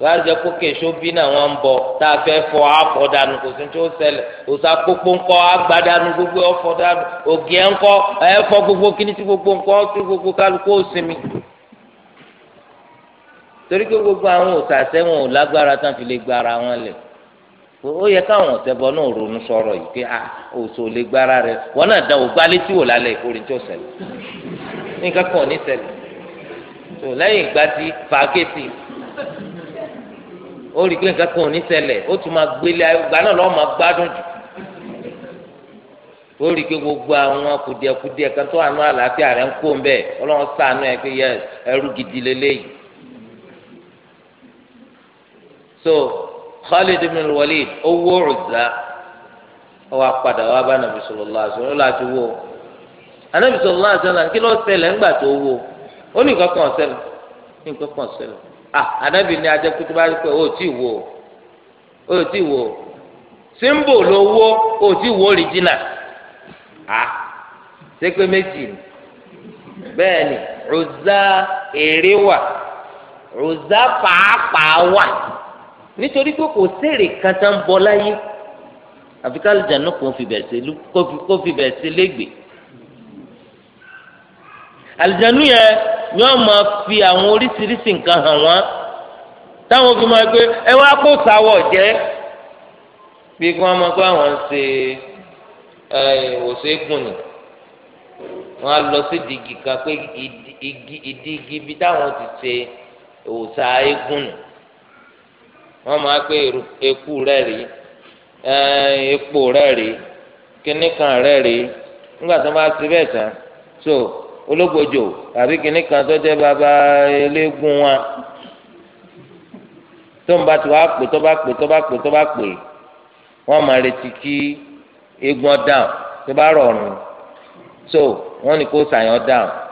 wọ́n á jẹ́ kókè sóbí náà wọ́n ń bọ̀ tá a fẹ́ fọ àfọ̀ dànù kò sí tó ṣẹlẹ̀ òsà pópó ńkọ́ àgbà gbogbo ọ̀fọ̀ dànù ògì ẹ̀ ńkọ́ ẹ̀ gbogbo kíní tí gbogbo ńkọ́ tí gbogbo kálukú ó sinmi. torí pé gbogbo àwọn òsàsẹ́ ò lágbára tán fi lè gba ara wọn lẹ̀ O yẹ káwọn ọ̀tẹ̀bọ náà ronú sọ̀rọ̀ yìí pé òsò ah, lè gbára rẹ wọn náà dá ògbá létí wò lálẹ́ ìkórè tí ó ṣẹlẹ̀ nǹkan kan ò ní tó lẹ́yìn ìgbà tí fàákẹ́tì ó rí pé nǹkan kan ò ó tún máa gbélé ìgbà náà máa gbádùn jù ó rí pé gbogbo àwọn kùdìẹ̀kùdìẹ̀ kan tó àánú àlàáfíà rẹ̀ ń kó ń ọlọ́run ẹ pé so Khalid bin Walid owó Uzza ọwọ́ apàdà wa bá nàbì sallallahu alaihi wasallam láti wó o anabi sallallahu alaihi wasallam o ó ní nǹkan kan ṣẹlẹ̀ ní nǹkan kan ṣẹlẹ̀ à anabi ní ajẹ́ kó o ò nítorí pé kò sèrè kan tá ń bọ láyé àfi ká àlùjànnú kò fi bẹ̀ẹ̀ sí lẹ́gbẹ̀ẹ́ àlùjànnú yẹn ni wọ́n máa fi àwọn oríṣiríṣi nǹkan hàn wọ́n táwọn fi máa gbé ẹ wá kó sáwọ̀ jẹ́ bí wọ́n máa gbé àwọn ṣe ìwòsàn eégún ni wọ́n á lọ sí dìgì kan pé ìdí igi ibi táwọn ti ṣe ìwòsàn eégún nù. wọ́n máa pé eku rẹ̀ rí epo rẹ̀ rí kíní kan rí nígbà tó bá ti tán so ológbòjò tàbí kan tó jẹ́ bàbá eléégún wa tó ń bá ti wá pè tó bá pè tó bá pè tó bá pè wọ́n máa retí kí dáhùn bá rọrùn so wọ́n ni kó sàyàn dáhùn.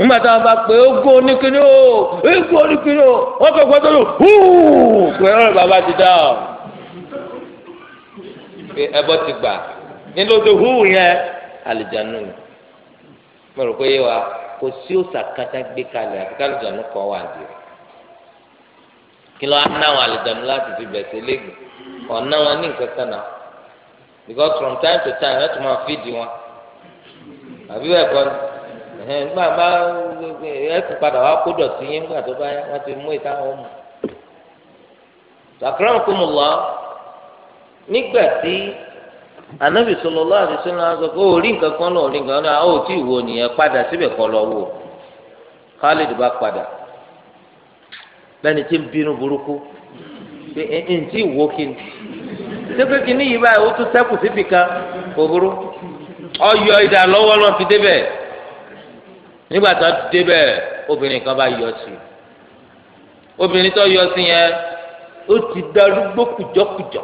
nígbà tá a bá pé ogo oníkiri o ogo oníkiri o wọ́n fẹ́ gbọ́dọ̀ lò húù pẹ̀lú bàbá ti dá o ẹbọ ti gbà nínú odò húù yẹn alìjánu ni mo rò pé yé wa kò sí òòsà kátà gbé kalẹ̀ àti kálíjánu kọ́ wà dé kí ló á náwọn alìjánu láti fi bẹ̀ sí lẹ́gùn ọ̀nà wọn ní nǹkan kan náà because from time to time ẹ tún máa fídì wọn àbí bẹ́ẹ̀ kọ́ ni. nígbà bá ẹkùn padà wá kó dọ̀tí yín nígbà tó bá yá wọ́n ti mú ìta wọn mú. sàkúrà ń kó mu lọ nígbà tí anabi sọlọlọ àdìsọ náà sọ pé orí nǹkan kan náà orí nǹkan náà ó tí ì nìyẹn padà síbẹ̀ kọ́ lọ wò Khalid bá padà lẹ́ni tí ń bínú burúkú ń tí ni ṣé kí ni yìí báyìí ó tún sẹ́kù síbi kan fi débẹ̀. nígbà tó débẹ̀ obìnrin kan bá yọ sí obìnrin tó yọ sí yẹn ó ti darúgbó kùjọkùjọ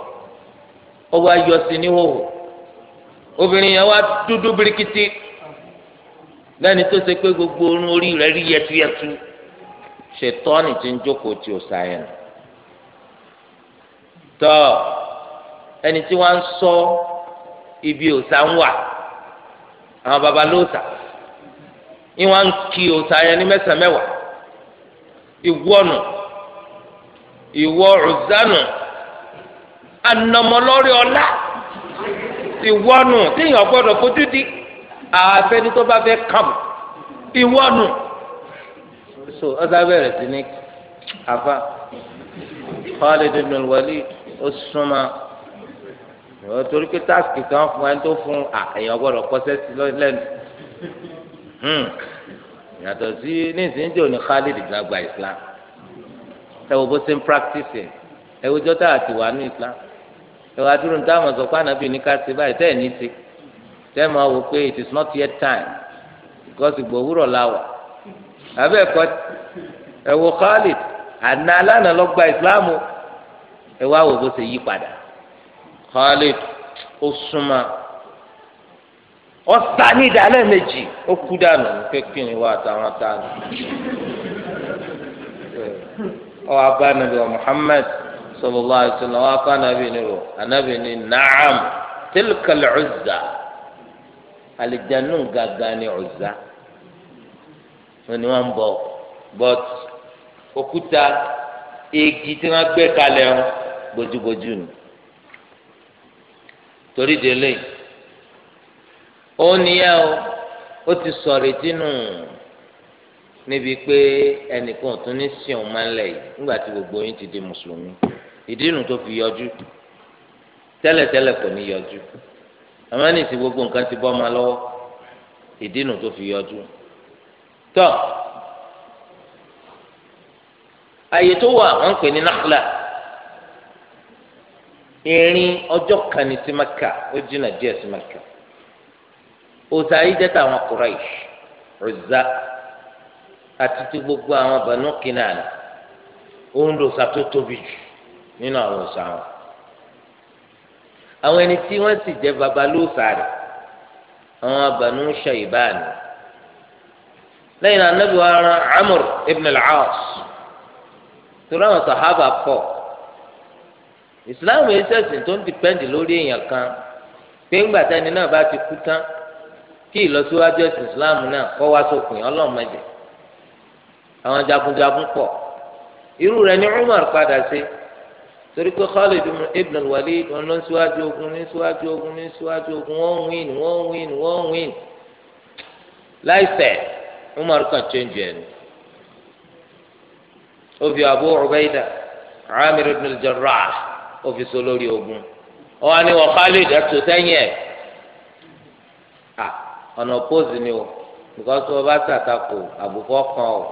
ó wá yọ sí níhòòhò obìnrin yẹn wá dúdú birikiti lẹ́ni tó ṣe pé gbogbo orun orí rẹ̀ rí yẹtuyẹtu ṣètọ́ni ti ń jókòó tí o sá yẹn tọ́ ẹni tí wọ́n ń sọ ibi òsà ń wà àwọn babalóòsà ìwọ̀n ń kí òòtà yẹn ní mẹ́sàn-án mẹ́wàá ìwọ́nù ìwọ́ ọ̀zánù anamọlọ́rí ọlá ìwọ́nù téèyàn gbọ́dọ̀ fojú di àfẹ́ni tó bá fẹ́ kàmù ìwọ́nù. so ọ̀sán bẹ̀rẹ̀ sí ní afa Khalid ibn al-Walid ó súnmọ́ torí pé táàsì kan fún ẹni tó fún àyàn gbọ́dọ̀ kọ́sẹ́ sí lẹ́nu. Hmm. yàtọ̀ sí nísìnyí tí òní Khalid gba Islam bó ṣe ń practice ẹ ní Islam ẹ adúrún tá a mọ̀ sọ pé ànábì ní ká ṣe báyìí tẹ́ ẹ̀ ní tẹ́ ẹ̀ máa wò it is not yet time because ìgbò òwúrọ̀ la wà abẹ́ ẹ̀kọ́ Khalid àná alánà lọ gba Islam o wá wo bó ṣe yí Khalid ó ọ̀sá ní ìdálẹ́ méjì ó kú dànù kékeré wa àtàwọn táàlù. ọwọ́ wa Muhammad sallallahu alaihi wa kọ́ ni ro anabi ni naam tilkal alìjánu gàgà ni uzza wọn ni wọn bọ but òkúta igi tí wọn gbé kalẹ̀ bójúbójú ni torí délé yìí. ó níyà o ó ti sọ̀rọ̀ ìtinú níbi pé ẹnìkan tún ní sìn ọmọ gbogbo yín ti di mùsùlùmí ìdí tó fi yọjú tẹ́lẹ̀tẹ́lẹ̀ kò ní yọjú àmọ́ ní gbogbo nǹkan ti bọ́ ọmọ lọ́wọ́ ìdí tó fi yọjú tọ́ àyè tó wà wọ́n ń pè ní náklà ìrìn ọjọ́ kan ní maka ó jìnnà díẹ̀ sí maka. òòṣà yìí jẹ́ tàwọn Quraysh Uzza àti ti gbogbo àwọn Banu Kinana òun lòòṣà tó tóbi jù nínú àwọn òòṣà wọn àwọn ẹni tí wọ́n sì jẹ́ babalóòṣà rẹ̀ àwọn Banu Shaybani lẹ́yìn náà anabi wa ran Amr ibn al-As torí àwọn sàhábà pọ̀ ìsìláàmù yìí ṣẹ̀sìn tó ń dìpẹ́ǹdì lórí èèyàn kan pé ńgbà tẹ́ni náà bá ti kú tán kí ìlọsíwájú ẹ̀sìn islam náà kọ́ wá sópin ọlọ́mọdé àwọn jagunjagun pọ̀ irú rẹ̀ ni umar padà sí torí pé khalid ibn al-walid wọn ló ń síwájú ogun ní síwájú ogun ní síwájú ogun wọn win wọn win wọn win láìsẹ̀ umar kan change ẹnu ó fi abu ubaida amir ibn jarrah ó fi so lórí ogun wọn ni wọn khalid ẹ̀ tó sẹ́yìn ẹ̀. ọ̀nà pósì ni o because wọ́n bá ṣàtakò àbùkọ́ kan o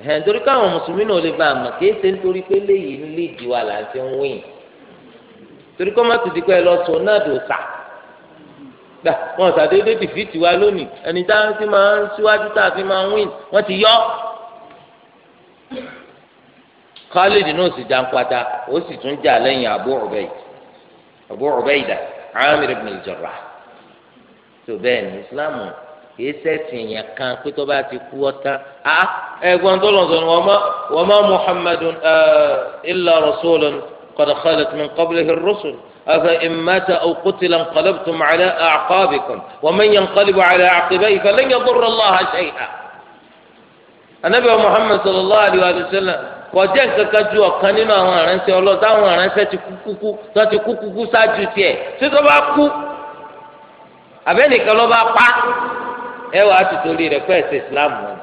ẹ̀hẹ́n nítorí káwọn mùsùlùmí náà lè bá a mọ̀ kéé ṣe nítorí pé léyìí ń lè di wa là ń ti ń wìn torí kọ́ ti pé ẹ lọ sọ náà dò sà gbà wọn ṣàdédé dìfìtì wa lónìí ti máa ń síwájú tá ti yọ Khalid náà sì já ń pata ó sì tún jà lẹ́yìn tó bẹ́ẹ̀ ní islam kìí sẹ́sìn yẹn kan pé tó bá ti kú ọ̀tá a ẹ̀gbọ́n tó lọ sọ̀rọ̀ wa ma muhammadun illa rasulun qad khalat min qablihi ar-rusul afa in mata aw qutila inqalabtum ala a'qabikum wa man ala aqibayhi falan yadurra allaha shay'a. anabi muhammad sallallahu alayhi wa sallam kọjá nǹkankan ju ọ̀kan nínú àwọn aránṣẹ́ ọlọ́ọ̀ táwọn aránṣẹ́ ti kú kúkú tó ti kú kúkú ṣáájú tiẹ̀ tí tó bá kú abẹ́nìkan ló bá pa ẹ wàá tìtorí rẹ̀ pẹ́ ṣe islam wọn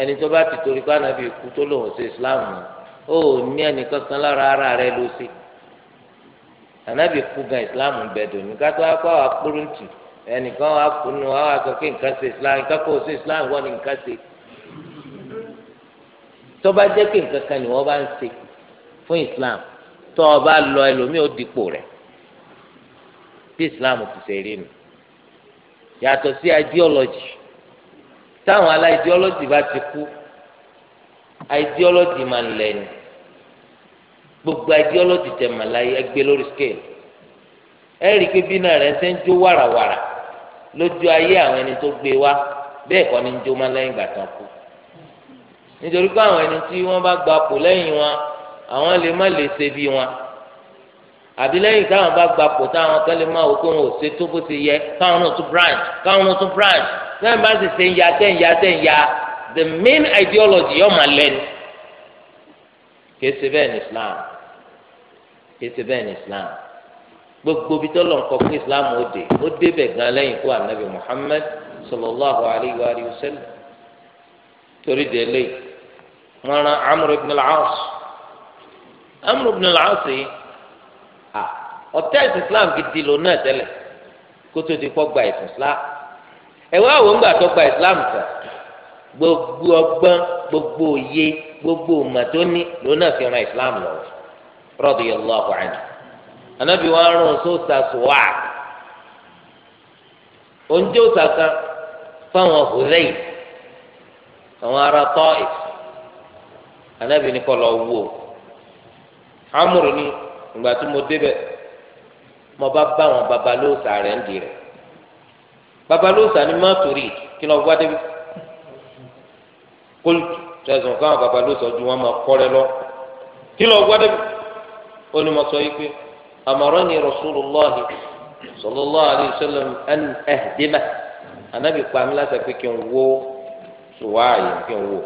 ẹni tó bá tìtorí pé ànábì ikú tó lòun ṣe islam wọn ó ní ẹnìkan kan lára ara rẹ̀ ló ṣe ànábì kú gan islam bẹ̀dùn ní ká tó wá kó àwọn akpọ́rọ̀ǹtì ẹnìkan wà kúnnú àwọn akọ̀kẹ́ nǹkan ṣe islam nǹkan kó ṣe islam wọ́n ní nǹkan ṣe tó bá jẹ́ pé nǹkan kan ni wọ́n bá ń ṣe fún islam tó o bá lọ ẹlòmíì ó dipò rẹ̀ bí islam ti ṣe rí nu yàtọ̀ sí ideology táwọn aláìdeology bá ti kú ideology máa ń lẹ́nu gbogbo ideology tẹ̀ mà láyé ẹgbẹ́ lórí scale ẹ rí i pé bínú rẹ̀ ṣe ń jó wàràwàrà lójú ayé àwọn ẹni tó gbé wá bẹ́ẹ̀ kọ́ ni ń jó má lẹ́yìn ìgbà tán kú nítorí pé àwọn ẹni tí wọ́n bá gba pò lẹ́yìn wọn àwọn lè má lè ṣe bí wọn àbí lẹ́yìn táwọn bá gba pò táwọn kan lè máa wò pé wọn ò ṣe tó bó ṣe yẹ káwọn náà tún branch káwọn náà tún branch lẹ́yìn bá sì ṣe ń ya tẹ́ ń the main ideology yóò máa lẹ́nu kìí ṣe bẹ́ẹ̀ ní Islam kìí ṣe bẹ́ẹ̀ ní Islam gbogbo bí tọ́lọ̀ ń kọ́ fún Islam ó dé ó débẹ̀ gan lẹ́yìn kó anabi Muhammad sallallahu alayhi wa sallam torí délé wọn ran Amr ibn al-As Amr ibn al-As yìí. ọ̀tá islam gidi lòun náà tẹ́lẹ̀ kó ti kọ́ gba islam ẹ̀wọ́n àwọn òǹgbà tó gba islam tán gbogbo ọgbọ́n gbogbo òye gbogbo màtóní lòun náà fi ran islam lọ radiyallahu anabi wa rún sóòtà sùwà oúnjẹ òòtà kan fáwọn hùrẹ́yì àwọn ará tọ́ ní kọ́ wú o amúrú ìgbà tí mo débẹ̀ mo bá bá àwọn babalóòsà rẹ̀ ń di rẹ̀ babalóòsà ni má torí kí lọ wá débi kó tẹsán káwọn babalóòsà ju wọn máa kọ́ rẹ lọ kí lọ wá débi ó ní mo sọ yìí pé àmọ̀ràn ni Rasulullahi sallallahu alaihi wasallam ẹn ẹ̀dínà anabi kpami láti pé kí n wo suwaayi kí n wo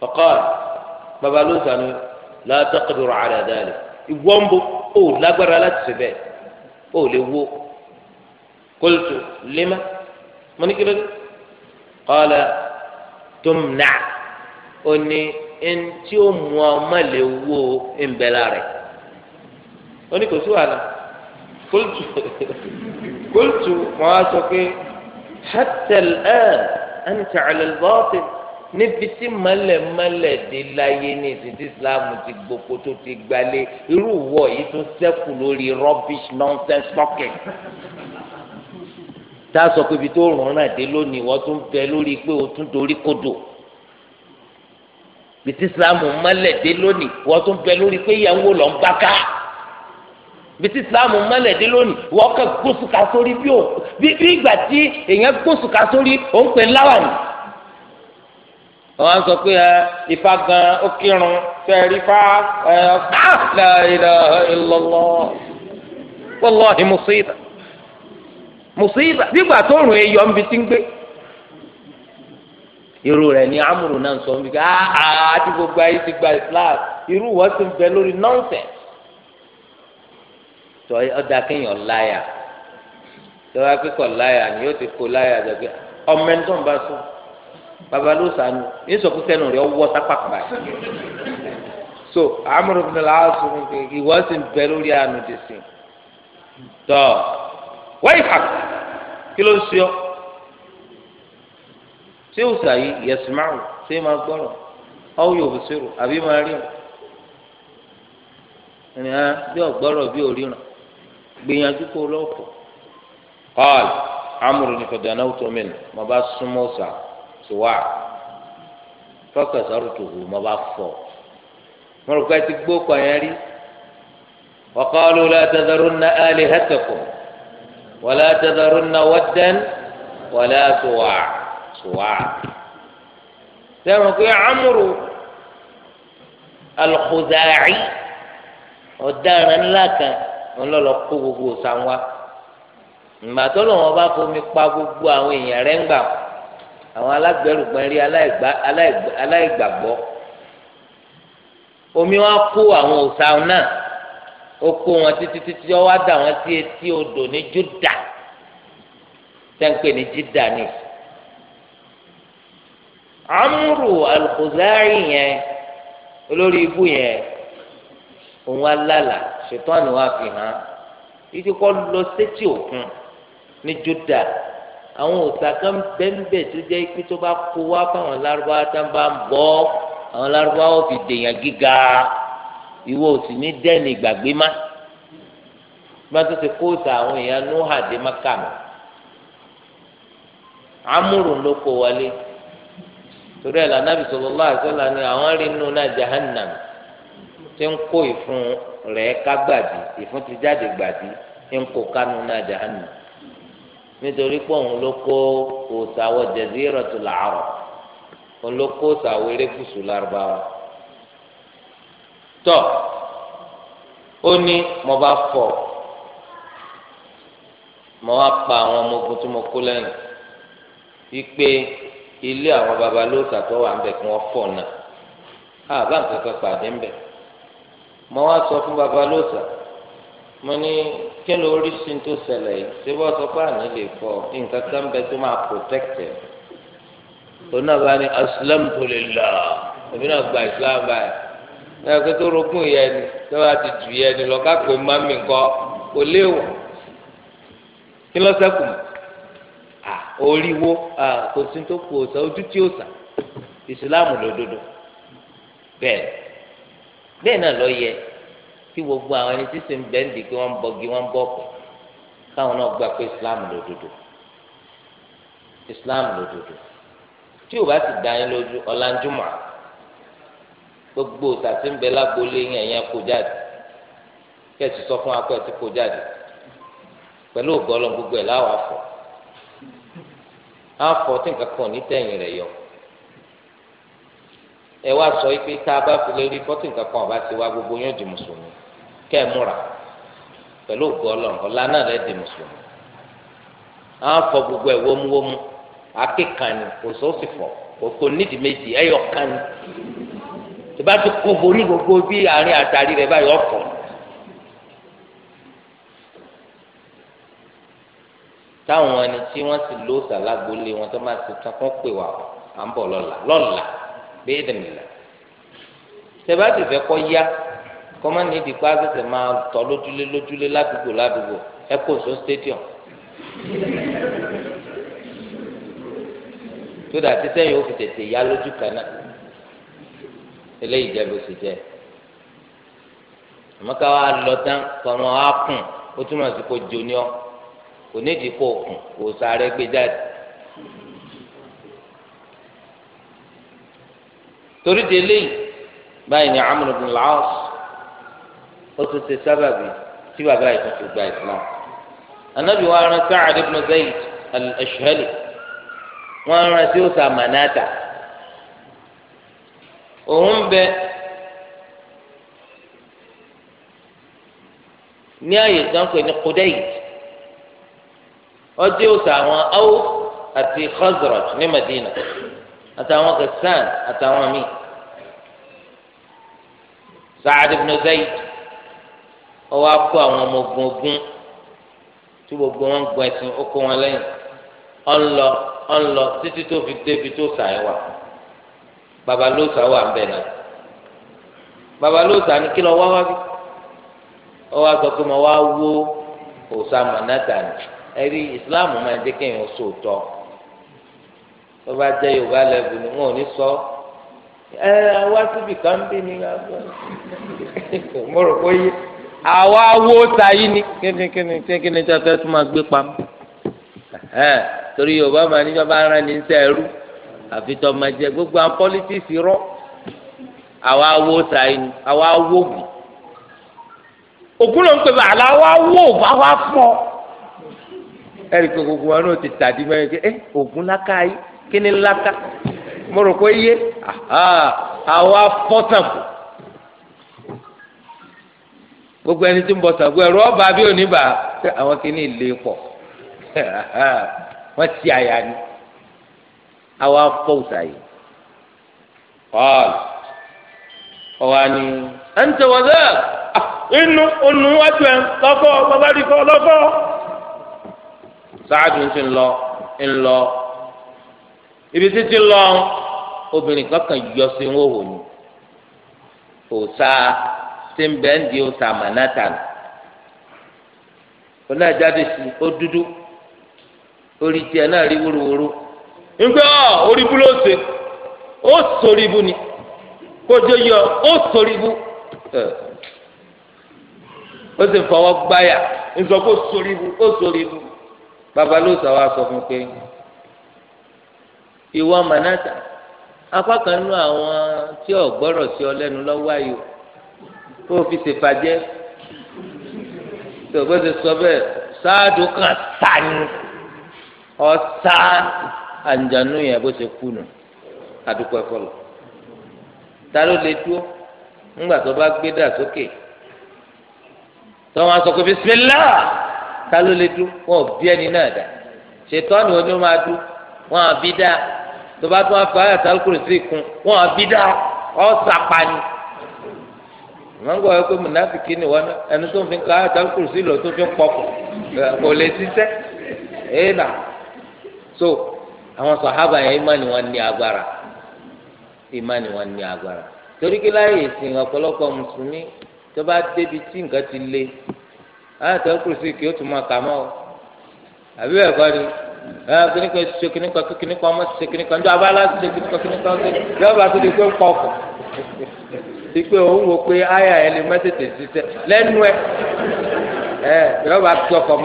faqal babalóòsà ni la taqdiru ala ìwọ́nbo ò lágbára láti ṣe bẹ́ẹ̀ ò lè wo kóòtù lema mo ní kí ló dé kọ́lá tó ń nà ó ní ẹni tí ó mú ọ má lè wo ìbẹ̀là rẹ̀ ó ní kò sí wàhálà kóòtù kóòtù wọn á sọ pé hàtẹ́lẹ́ ẹ̀ ẹ̀ ń tẹ̀lé bọ́ọ̀tì níbi tí mọ́lẹ̀mọ́lẹ̀ dé láyé ní ìsìntí ìsìláàmù ti gboko tó ti gbalé irú ìwọ yìí tó sẹ́kù lórí rubbish nonsense pocket tá a sọ pé ibi tó rùn náà dé lónìí wọ́n tún bẹ lórí pé o tún dorí kodò ibi tí ìsìláàmù mọ́lẹ̀ dé lónìí wọ́n tún bẹ lórí pé ìyàwó lọ ń gbáka ibi tí ìsìláàmù mọ́lẹ̀ dé lónìí wọ́n kàn gbósùkà sórí bí ìgbà tí èèyàn gbósùkà sórí òun pè láwàní. wọn sọ pé ẹ ifá gan ó kírun fẹẹrí fá ẹ la ilaha illallah wallahi musiba musiba nígbà tó rùn ń gbé irú rẹ ni amúrò náà sọ nbí ká àti gbogbo ayé ti gba islam irú wọn ti ń bẹ lórí kéèyàn láyà láyà ni yóò ti kó láyà jẹ ọmọ ẹni tó ń bá sọ. baba ló sànù yín sọ fún sẹ́nu rẹ̀ ọwọ́ so amúlò fún mi là á sọ fún mi ìwọ sì ń bẹ lórí àánú ti sìn tọ wáyé fà kí ló ń sọ ṣé òòsà yìí yẹsùmáwò ṣé máa gbọ́rọ̀ ọwọ́ yóò fi ṣòro àbí máa rí wọn ènìyàn ah, bí ọ̀gbọ́rọ̀ bí òríran gbìyànjú kó lọ́pọ̀ kọ́ọ̀lù amúlò ní fọ̀dà náà tó mìíràn mo bá súnmọ́ sàá sùwà fọkẹsọrọ tòwò mọ bá fọ mo rò gbó kọ yẹn rí وقالوا لا تذرن آلهتكم ولا تذرن ودا ولا سواع سواع سمعوا يا عمرو الخزاعي ọ̀daràn ńlá kan ńlọ́lọ́ kó gbogbo sàn wá ìgbà tó lọ́wọ́ bá fomi pa gbogbo àwọn èèyàn rẹ̀ ń gbà wọ́n àwọn alágbẹrùgbọ́n rí aláìgbàgbọ́ omi wa kó àwọn òòṣà náà ó kó wọn títí títí ó wá dà wọn sí etí odò ní Júdà sẹ́ńpẹ̀ ní Jídà ní. amúrù alùpùpù yẹn olórí ibú yẹn òun alálà ṣètò àná fi hàn ikú lọ sétí òkun ní Júdà àwọn òsàkà ń bẹ́ńbẹ́ tó jẹ́ pé tó bá kó wá fáwọn lárúbáwá tá ń bá ń bọ́ àwọn lárúbáwá fi dèèyàn gíga ìwọ òsì ní dẹ́ni ìgbàgbé má bí wọ́n tó ti kó òsà àwọn èèyàn núhà dé maka mi amúrùn ló kó wọlé torí ẹ̀ lànàbì sallallahu alaihi wasallam ni àwọn rí náà jahannam tí ń kó ìfun rẹ̀ ká gbàdí ìfun ti jáde gbàdí ń kó kánú náà jahannam nítorí pé òun ló kó òsàwọ̀ Jaziratul Arab òun ló kó òsàwọ̀ erékùsù lárúbáwá tọ́ ó ní mo bá fọ̀ mo wá pa àwọn ọmọ ogun tí mo kó lẹ́yìn wípé ilé àwọn babalóòsà tó wà ń kí wọ́n fọ̀ náà àbá nǹkan kan pàdé ń mo wá sọ fún babalóòsà mo ní kí ló rí sí tó ṣẹlẹ̀ yìí ṣé bọ́ sọ pé àná lè fọ nǹkan kan bẹ tó máa protected òun náà bá ní aslamtu lillah èmi náà gba islam báyìí náà pé tó rogún yẹn ni tó bá ti jù yẹn ni lọ ká pé má mi kọ kò léwọ kí ló sẹ́kù mọ́ à oríwó à kò sí tó kù ọ̀sà ojú tí ó sà ìsìláàmù lòdodo bẹ́ẹ̀ bẹ́ẹ̀ náà lọ yẹ tí gbogbo àwọn ẹni tí sì ń bẹ́ẹ̀ ń di pé wọ́n ń bọ́gi wọ́n ń bọ́ọ̀kù káwọn náà gba pé islam lòdodo islam lòdodo tí o bá ti dá yín lójú ọ̀làjúmọ̀ gbogbo tàbí ń bẹ lágbolé yín ẹ̀yìn kó jáde kẹ́ẹ̀sì sọ fún akọ́ ẹ̀ tí kó jáde pẹ̀lú ògbọ́lọ́ gbogbo ẹ̀ láwọn afọ afọ tí nǹkan kan ní tẹ̀yìn rẹ̀ yọ ẹ wá sọ pé tá a bá fi lè rí fọ́tì nǹkan kan ọ̀bá ti wá gbogbo yín ó di mùsùlùmí kẹ́ ẹ múra pẹ̀lú ògùn ọlọ́run ọ̀la náà lẹ́ di mùsùlùmí á fọ gbogbo ẹ̀ wómúwómú akékanu òsòsì fọ òkò nídìí méjì ẹ̀yọ kanu tó bá ti kó bo ní gbogbo bí àárín àtàrí rẹ̀ báyọ̀ ọ̀fọ̀ táwọn ẹni tí wọ́n ti lọ sàlágbólé wọn tó máa ti tán kó pè wá à ń bọ̀ lọ́la lọ́la bí ẹ̀dẹ̀mìlà tẹ bá ti yá kọ́mọ́nì ìdìpá ṣẹ̀ṣẹ̀ máa tọ́ lójúlé lójúlé ládùúgbò ládùúgbò ẹ̀kọ́sọ stadium tó dà tí sẹ́yìn ó fi tètè yá lójú kan náà eléyìí jẹ́ bó ṣe jẹ́ àmọ́ ká wàá lọ tán kọ́mọ́ á kùn ó túmọ̀ sí kó jóni ọ́ kò nídìí kó kùn kò sáré gbé jáde. torí de eléyìí báyìí ni amúlùmí làásù ó tún ṣe sábàbí tí bàbá yìí tún fi gba ìsìlám anabi wa ran Sa'ad ibn Zayd al-Ashhali wọn ran sí òsà manata òun bẹ ní àyè sanko ní Qudayt ọjọ́ òsà àwọn awo àti Khazraj ní Madina àtàwọn Ghassan àtàwọn míì Sa'ad ibn Zayd ọwọ́ akó àwọn ọmọ ogun ogun tí gbogbo wọn gbọ ẹsìn ó kó wọn lẹ́yìn ọ̀nlọ ọ̀nlọ títí tó fi débi tó sàáwà baba ló sàáwà ń bẹ̀ náà baba ló sàá ní kí lọ wá wá bí ọwọ́ àgbà pé mo wá wó òòsà manhattan ẹ̀rí ìsìláàmù máa ń jẹ́ kéèyàn sòótọ́ tó bá jẹ́ yorùbá lẹ́bù ni wọn ò ní sọ ẹ wá síbi kan bí ni mo rò pé yé àwa wo tayí ni kíni kíni kíni tí a fẹ́ tún máa gbé pamọ́ torí yorùbá máa ní bàbá ara ní sẹ́ ẹrú àfi tọ́ máa jẹ gbogbo àwọn pọ́lítíìsì rọ́ àwa wo tayí ni àwa wo ògùn ògùn ló ń pè bàálà àwa wo ògùn àwa fọ́ ẹ̀rí pé gbogbo wọn náà ti tàdí mẹ́rin pé ẹ́ eh, ògùn láká yìí kíni láká mo rò pé yé àwa fọ́ tàn kù gbogbo ẹni tí ń bọ Ṣàngó ẹ̀rù ọba bí oníbà àwọn kìíní lè pọ̀ wọ́n ti àyà ni àwa fọ́ òsàyè ọ̀ọ́lù ọ̀wá ni ẹ̀ ń tẹ̀wọ́dẹ́ inú onú wájú ẹ̀ lọ́fọ́ bàbá rí kọ́ lọ́fọ́ sáájú ń ti ń lọ ń lọ ibi títí lọ obìnrin kankan yọ sí ń wò wò ni kò sáá tí ń bẹ́ẹ̀ ń di oṣù àmànátà nù ó náà jáde sí ó dúdú orí tiẹ̀ náà rí wúruwúru nígbà orí bú ló ṣe ó sórí bú ni kójó yọ ó sórí bú ó sì fọwọ́ gbáyà nsọ kó sórí bú ó sórí bú bàbá ló sọ wá sọ fún pé ìwọ àmànátà apá kan nú àwọn tí ò gbọ́rọ̀ sí ọ lẹ́nu lọ́wọ́ ayò kó o fi ṣèfàjẹ́ tó o bó ṣe sọ bẹ́ẹ̀ sáàdù kan sáàyìn ọ̀sá àǹjànú yẹn bó ṣe kú nù adúpọ̀ ẹ̀fọ́ lọ. ta ló lè dúró ńgbà tó bá gbé dà sókè tó wọn sọ pé bisimilá ta ló lè dúró wọn ò bí ẹni náà dà ṣètò ọ̀nà oní máa dú wọn àbí dá tó bá tún wọn fà á yàtọ̀ alukóró sí ikùn wọn àbí dá ọ̀sà pani. àmọ́ a pé mùnàfíkì ni wọn ẹni tó ń fi ká àtàkùrù sí lọ tó fi pọkù kò lè ṣiṣẹ́ nà so àwọn sàhábà yẹn ìmánì wọn ní agbára ìmánì wọn ní agbára torí kí láyé ìsìn ọ̀pọ̀lọpọ̀ mùsùlùmí tó bá débi tí nǹkan ti ó tún máa kà mọ́ ọ àbí bẹ́ẹ̀ kọ́ ni kìnìkan ṣe kìnìkan kìnìkan ọmọ ṣe kìnìkan ṣe sí o òun wò pé àyà lè mẹ́tẹ̀ẹ̀tẹ̀ ṣiṣẹ́ lẹ́nu ẹ yɔ yọ bá kí ọkọ̀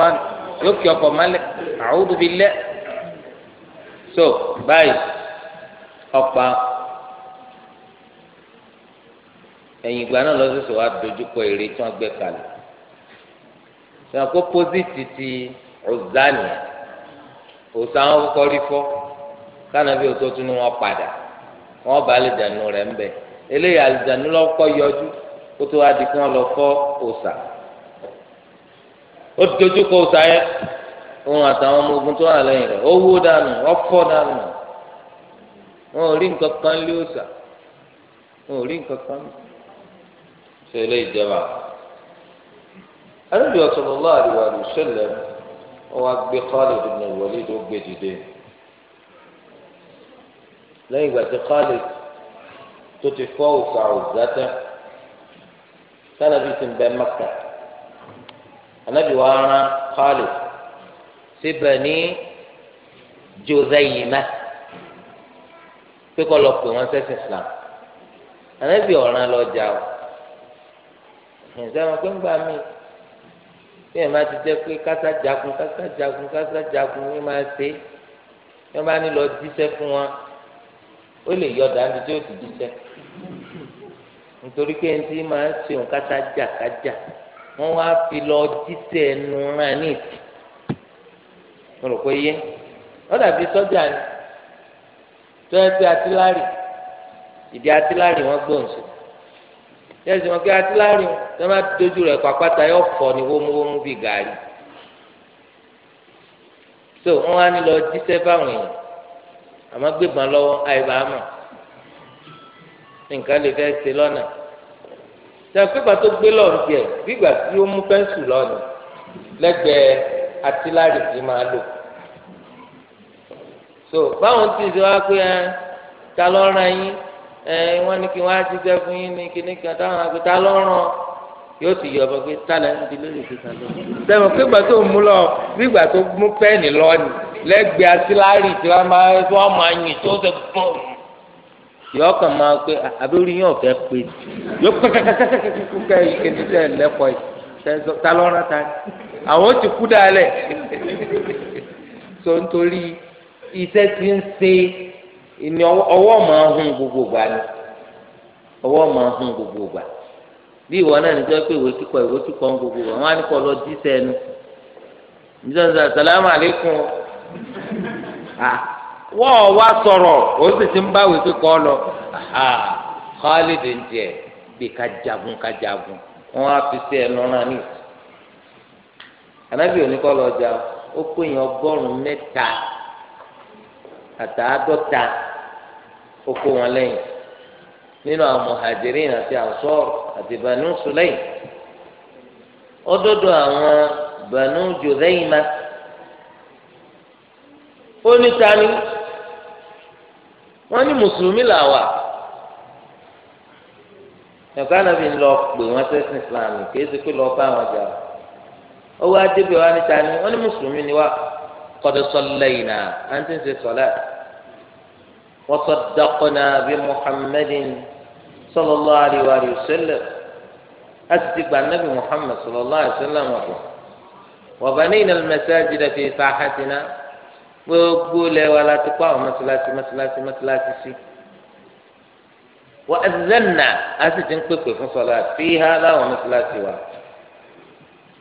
máa so báyìí ɔkpa ẹ̀yìn náà wa dojúkọ èrè tí wọ́n gbé kalẹ̀ sọ pé pósìtì ti ọ̀zánì òsàn àwọn fọ kánàbí òtọ́tún ni padà wọn bá eléyà àlìjánu lọkọ yọjú kó tó wá di kí wọn lọ fọ òòsà ó dojú kọ òòsà yẹn òun àtàwọn ọmọ ogun tó wà lẹ́yìn rẹ̀ ó wó dànù ọfọ dànù wọn ò rí nǹkan kan lé òòsà wọn ò rí nǹkan kan ṣe ilé ìjọba alóòdì sallallahu alaihi wa sallam wọn wá gbé Khalid ibn Walid tó gbé dìde lẹ́yìn ìgbà tí Khalid tó ti fọ́ òsà òzàtà sanabi ti ń bẹ maka anabi wa ara kálù síbẹ̀ ní josayima pé kọ́ lọ pè wọ́n sẹ́sìn islam anabi ọ̀ràn lọ jà o ìjọba pé ń gbà mí bí ẹ̀ máa ti jẹ́ pé kásá jagun kásá jagun kásá jagun ní máa ṣe ẹ máa ní lọ díṣẹ́ fún wọn ó lè yọ dáńdí tí ó ti díṣẹ́ nítorí pé ẹni tí máa ń ṣe òǹkà tájà kájà wọ́n wá fi lọ jíṣẹ́ ẹnu rán ní ìtì mo rò pé yé wọ́n dàbí sọ́jà ni tó ẹgbẹ́ atílárì ìdí atílárì wọ́n gbòǹsì yẹ́sì wọn kí atílárì tó máa dojú rẹ̀ pàpàtà yóò fọ́ ni wómúwómú bíi gàárì so wọ́n wá ní lọ jíṣẹ́ báwọn èèyàn àmọ́ gbébọn lọ́wọ́ àìbá mọ̀. nǹkan lè fẹ́ ṣe lọ́nà sàpépà tó gbé lọ́ọ̀rù tiẹ̀ gbígbà tí ó mú pẹ́ńsù lọ́nà lẹ́gbẹ̀ẹ́ atilari máa lò so báwọn ti ṣe wá pé ẹ ta ló rán yín ẹ wọ́n ní kí wọ́n á ti jẹ́ fún yín ní kíní kan táwọn ta yóò yọ ọba pé tálẹ̀ ń di lórí ìṣẹ̀ṣẹ̀ lọ sẹ́wọ̀n pépà tó mú lọ gbígbà tó mú pẹ́ẹ̀nì lọ́ọ̀nì lẹ́gbẹ̀ẹ́ wọ́n máa yọ kàn máa pé àbórí ah, yóò fẹ́ pé yóò kẹ́kẹ́kẹ́kẹ́kẹ́ ìkéde tẹ́ ẹ lẹ́kọ̀ọ́ yìí ta lọ́ra ta àwọn ti kú dalẹ̀ so nítorí iṣẹ́ ti ń ṣe ìní ọwọ́ máa hun gbogbo gbà ni ọwọ́ máa hun gbogbo gbà bí ìwọ náà níjọ́ pé ìwé kíkọ ìwé kíkọ ń gbogbo gbà wọ́n á ní kọ́ lọ jí sẹ́nu níjọ́ sàlámù àlékún ah. wọ́ọ̀ wá sọ̀rọ̀ ó sì ti ń báwèé aha lọ Khalid tiẹ̀ bí ká jagun wọ́n á fi sí ẹnu rán ní. anábì oníkọ́ ó pé yẹn ọgọ́rùn-ún mẹ́ta àtàádọ́ta ó kó wọn lẹ́yìn nínú àwọn muhajirin àti ansor àti banu sulaim ó dọ́dọ̀ àwọn ó ní tani wọ́n ní mùsùlùmí là wà ẹ̀ka náà fi lọ pè wọ́n sẹ́sìn Islam kì í ṣe pé lọ́ọ́ bá wọn jà ó wá débi wá ní tani wọ́n ní mùsùlùmí ni wá kọ́dọ̀ sọlẹ́yìn náà à ń tí ṣe sọlẹ́ wọ́n sọ dọ́kọ̀nà bí Muhammadin sallallahu alaihi wa sallam a sì ti gba nabi Muhammad sallallahu alaihi wa sallam bá ní ìnàlmẹ́sàgídà fi sàhàtì náà gbogbo lẹ́wà láti kó àwọn mọ́sálásí mọ́sálásí mọ́sálásí sí. wọ́n ẹ̀zẹ̀nà á sì ti ń pèpè fún sọ́lá fíhá láwọn mọ́sálásí wa.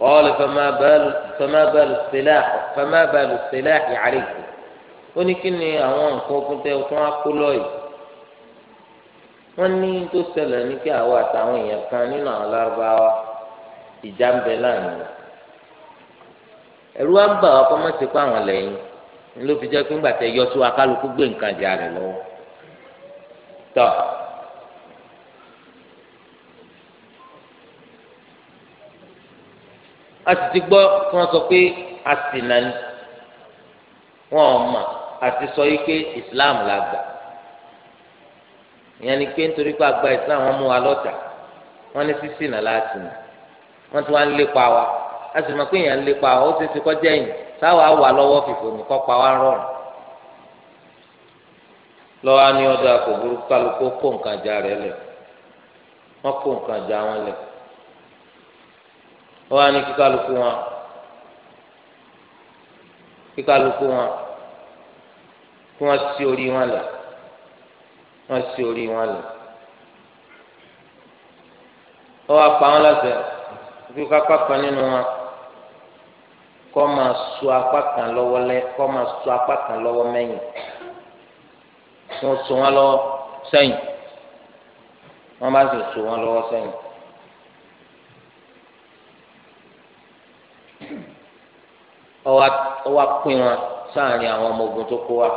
قال فما بال فما بال السلاح فما بال السلاح عليكم ó ní kí ni àwọn nǹkan ogun tẹ fún akólọ yìí wọ́n ní tó ṣẹlẹ̀ ní kí àwọn àtàwọn èèyàn kan nínú àwọn lárúbáwá ìjà ń bẹ láàrin ẹ̀rù wa ń bà wá kọ́ mọ́ ti pa àwọn lẹ́yìn ló fi jẹ́ pé ńgbà tẹ yọ sí wa kálukú gbé nǹkan jà rẹ̀ lọ́wọ́ tọ́ a sì ti gbọ́ kí wọ́n sọ pé a sì nà ní wọn mà a ti sọ yìí pé Islam la gbà ìyẹn ni pé nítorí pé a Islam wọn mú wa lọ́tà wọn ní sísìn náà láti nà wọn ti wá ń lépa wa a sì mọ̀ pé èèyàn ń lépa wa ó ti ti kọjá ẹ̀yìn sáwàá wà lọ́wọ́ fìfò ní kọ́ pa wá rọrùn lọ́wọ́ ní ọ̀dọ̀ àkọ́bùrú kálukú kó nǹkan já rẹ̀ lẹ̀ wọ́n kó nǹkan já wọn lẹ̀ lọ́wọ́ ní kíkálukú wọn kíkálukú wọn kí wọ́n sí orí wọn lẹ̀ wọ́n sí orí wọn lẹ̀ lọ́wọ́ apá wọn lọ́sẹ̀ bí kápá kan nínú wọn kọ́ máa so apá kan lọ́wọ́ lẹ́ kọ́ máa so apá kan lọ́wọ́ mẹ́yìn wọ́n so wọn lọ́wọ́ sẹ́yìn wọ́n bá sì so wọn lọ́wọ́ sẹ́yìn. ọwọ́ pín wọn sáàrin àwọn ọmọ ogun tó kó wa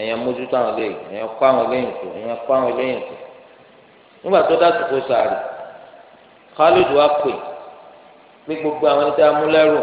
èèyàn mójútó àwọn eléyìí èèyàn kó àwọn eléyìí tó èèyàn kó àwọn eléyìí tó nígbà tó dá sòkò sàárè Khalid wa pè pé gbogbo àwọn ẹni tí a mú lẹ́rù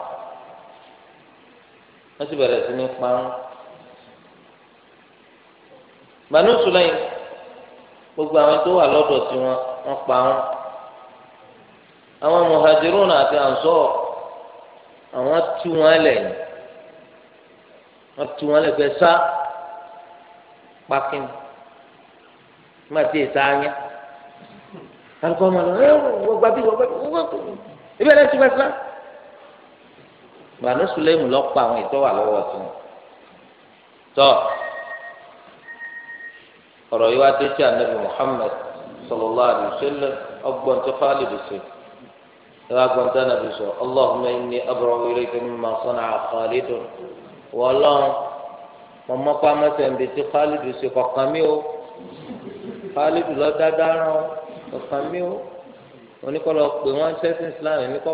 wọ́n sì bẹ̀rẹ̀ sí ní parun Banu Sulaim gbogbo àwọn tó wà lọ́dọ̀ tí wọ́n wọ́n parun àwọn muhajirun àti ansọ àwọn tú wọn lẹ̀ wọ́n tú wọn lẹ̀ fẹ́ sá pákínì má ti sáyà alukó ma lọ ẹ wọ gbabi wọ gbabi wọ gbabi ìbẹ̀rẹ̀ ti wá sá bàánú sùlẹ́mù lọ pa àwọn ìtọ́ wà lọ́wọ́ sí wọn. tọ́ ọ̀rọ̀ yìí wá dé tí anabi Muhammad sallallahu alaihi wasallam ọgbọ́n tó fáálì lè ṣe ìwà gbọ́ntà nàbì sọ Allahumma inni abra'u ilayka mimma sana'a Khalid wọ́n lọ́n mọ mọ́pá mọ́sẹ̀ǹbì tí Khalid ṣe kọ̀ọ̀kan mi o Khalid lọ dáadáa rán kọ̀ọ̀kan mi o oníkọ́ pè wọ́n sẹ́sìn Islam oníkọ́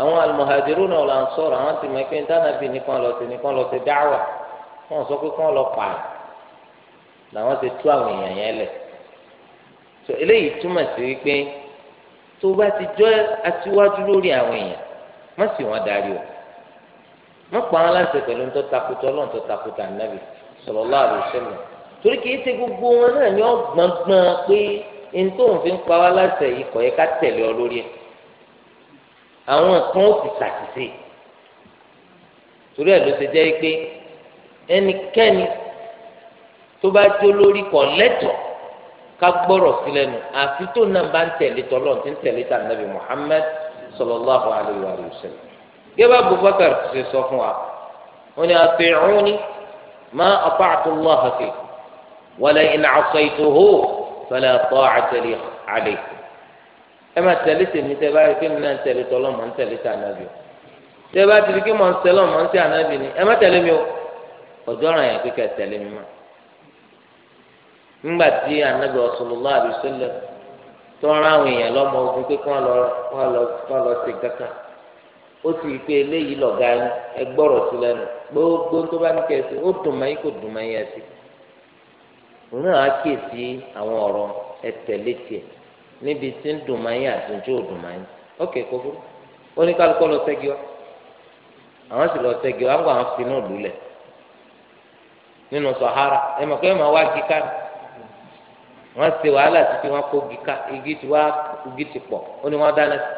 àwọn almuhajirun náà là ń sọ̀rọ̀ àwọn sì mọ̀ pé ntànàbí nìkan lọ sí nìkan lọ sí dáwà wọn sọ pé kán lọ pa làwọn ti tú àwọn èèyàn yẹn lẹ̀ tó eléyìí túmọ̀ sí wípé tó bá ti jọ́ aṣíwájú lórí àwọn èèyàn má sì wọ́n darí o má pa wọn láṣẹ pẹ̀lú ń tọ́ takùtà ọlọ́run tó takùtà nàbì sallallahu alaihi wasallam torí kìí ṣe gbogbo wọn náà ní ọgbọ̀ngbọ̀n pé ntòun fi ń pa wá láṣẹ yìí kọ̀ yẹ ká tẹ̀lé ọ lórí ẹ̀ àwọn kan ó ti ṣàtìsí torí ẹ̀ ló ṣe jẹ́ pé ẹnikẹ́ni tó bá jó lórí kọ̀ lẹ́tọ̀ọ́ ká gbọ́rọ̀ sí lẹ́nu àfi tó náà bá ń tẹ̀lé tọ́lọ́ tí ń tẹ̀lé tà nàbì Muhammad sallallahu alayhi wa sallam gẹ́gẹ́ bá Abubakar ti sọ fún wa wọ́n ní ati'uni ma ata'tu Allah fi wa la in 'asaytuhu fala ta'ata li alaykum. ẹ máa tẹ̀lé tèmi tẹ bá rí pé mi náà ń tẹ̀lé tọ́lọ́ mọ̀ ń tẹ̀lé tẹ ànábì o tẹ bá ti rí pé mọ̀ ń mọ̀ ń ànábì ni ẹ má o ọjọ́ ràn yẹn pé kẹ́ tẹ̀lé mi mọ́. nígbà tí ànábì tó ń rán àwọn èèyàn lọ́mọ ogun pé kí wọ́n lọ wọ́n lọ sí ó sì pé eléyìí lọ̀gá ẹ gbọ́rọ̀ sí lẹ́nu gbogbo tó bá ní ó dùn mọ́ yín kò dùn mọ́ yín ẹ sí. níbi tí ń dùn máa yín àti dùn máa yín ok kó fún ó ní kálukọ́ lọ sẹ́gi wa àwọn sì lọ sẹ́gi wa ń gbọ́ àwọn fi náà lulẹ̀ nínú sahara ẹ mọ̀ pé ẹ máa wá gíká wọ́n ṣe wàhálà títí wọ́n kó gíká igi ti wá igi ti pọ̀ ó ní wọ́n dáná sí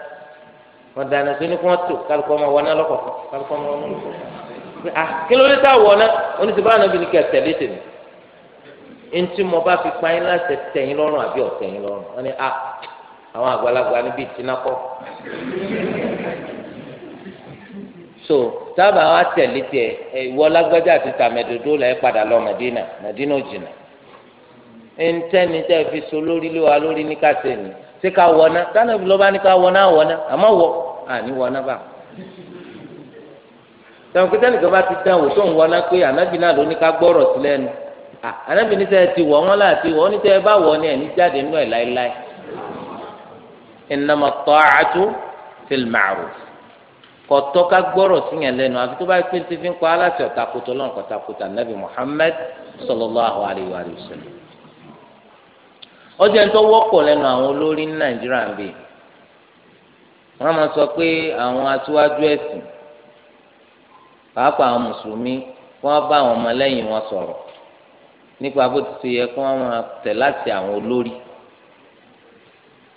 wọ́n dáná sí ó ní kí wọ́n tò kálukọ́ máa wọná lọ́kọ̀ọ̀kan kálukọ́ máa wọná lọ́kọ̀ọ̀kan ah, kí ló dé tá náà ó ní ti bá àná bí ní kí ẹ tẹ̀lé tèmi ntí mo bá fi pa yín láti tẹ̀yìn lọ́rùn àbí ọ̀tẹ̀yìn lọ́rùn wọ́n ní a ah, àwọn àgbàlagbà níbi ìtinakọ́ so tábà wa tẹ̀lé tiẹ̀ ìwọ lágbájá àti tàmẹ̀dòdó la yẹ padà lọ mẹ̀dínà mẹ̀dínà òjìnà ntẹ́ni tẹ́ fi so lórí lé wa lórí ní kásẹ̀ ni ṣé ká wọná dáná ìlú ọba ní ká wọná wọná àmọ́ wọ àní wọná bá tẹ̀wọ̀n kí tẹ́nìkan bá ti dán tó ń wọná pé ànábì ló ní ká gbọ́rọ̀ sílẹ̀ nu ànábì ní sẹ́yìn ti wọ̀ wọ́n láti wọ̀ ní sẹ́yìn bá wọ̀ ní ẹ̀ jáde nínú ẹ̀ láéláé innama ta'atu fil ma'ruf kọ̀tọ́ ká gbọ́rọ̀ sí yẹn lẹ́nu àfi tó bá pé ti fi ń pa aláṣẹ Muhammad sallallahu alayhi wa sallam ọjọ́ ń wọ́pọ̀ lẹ́nu àwọn olórí ní Nàìjíríà ń bè wọ́n máa sọ pé àwọn aṣíwájú ẹ̀sìn pàápàá àwọn mùsùlùmí wọ́n bá àwọn ọmọlẹ́yìn wọn sọ̀rọ̀ nípa bó ti ṣe yẹ kó wọn máa tẹ̀ láti àwọn olórí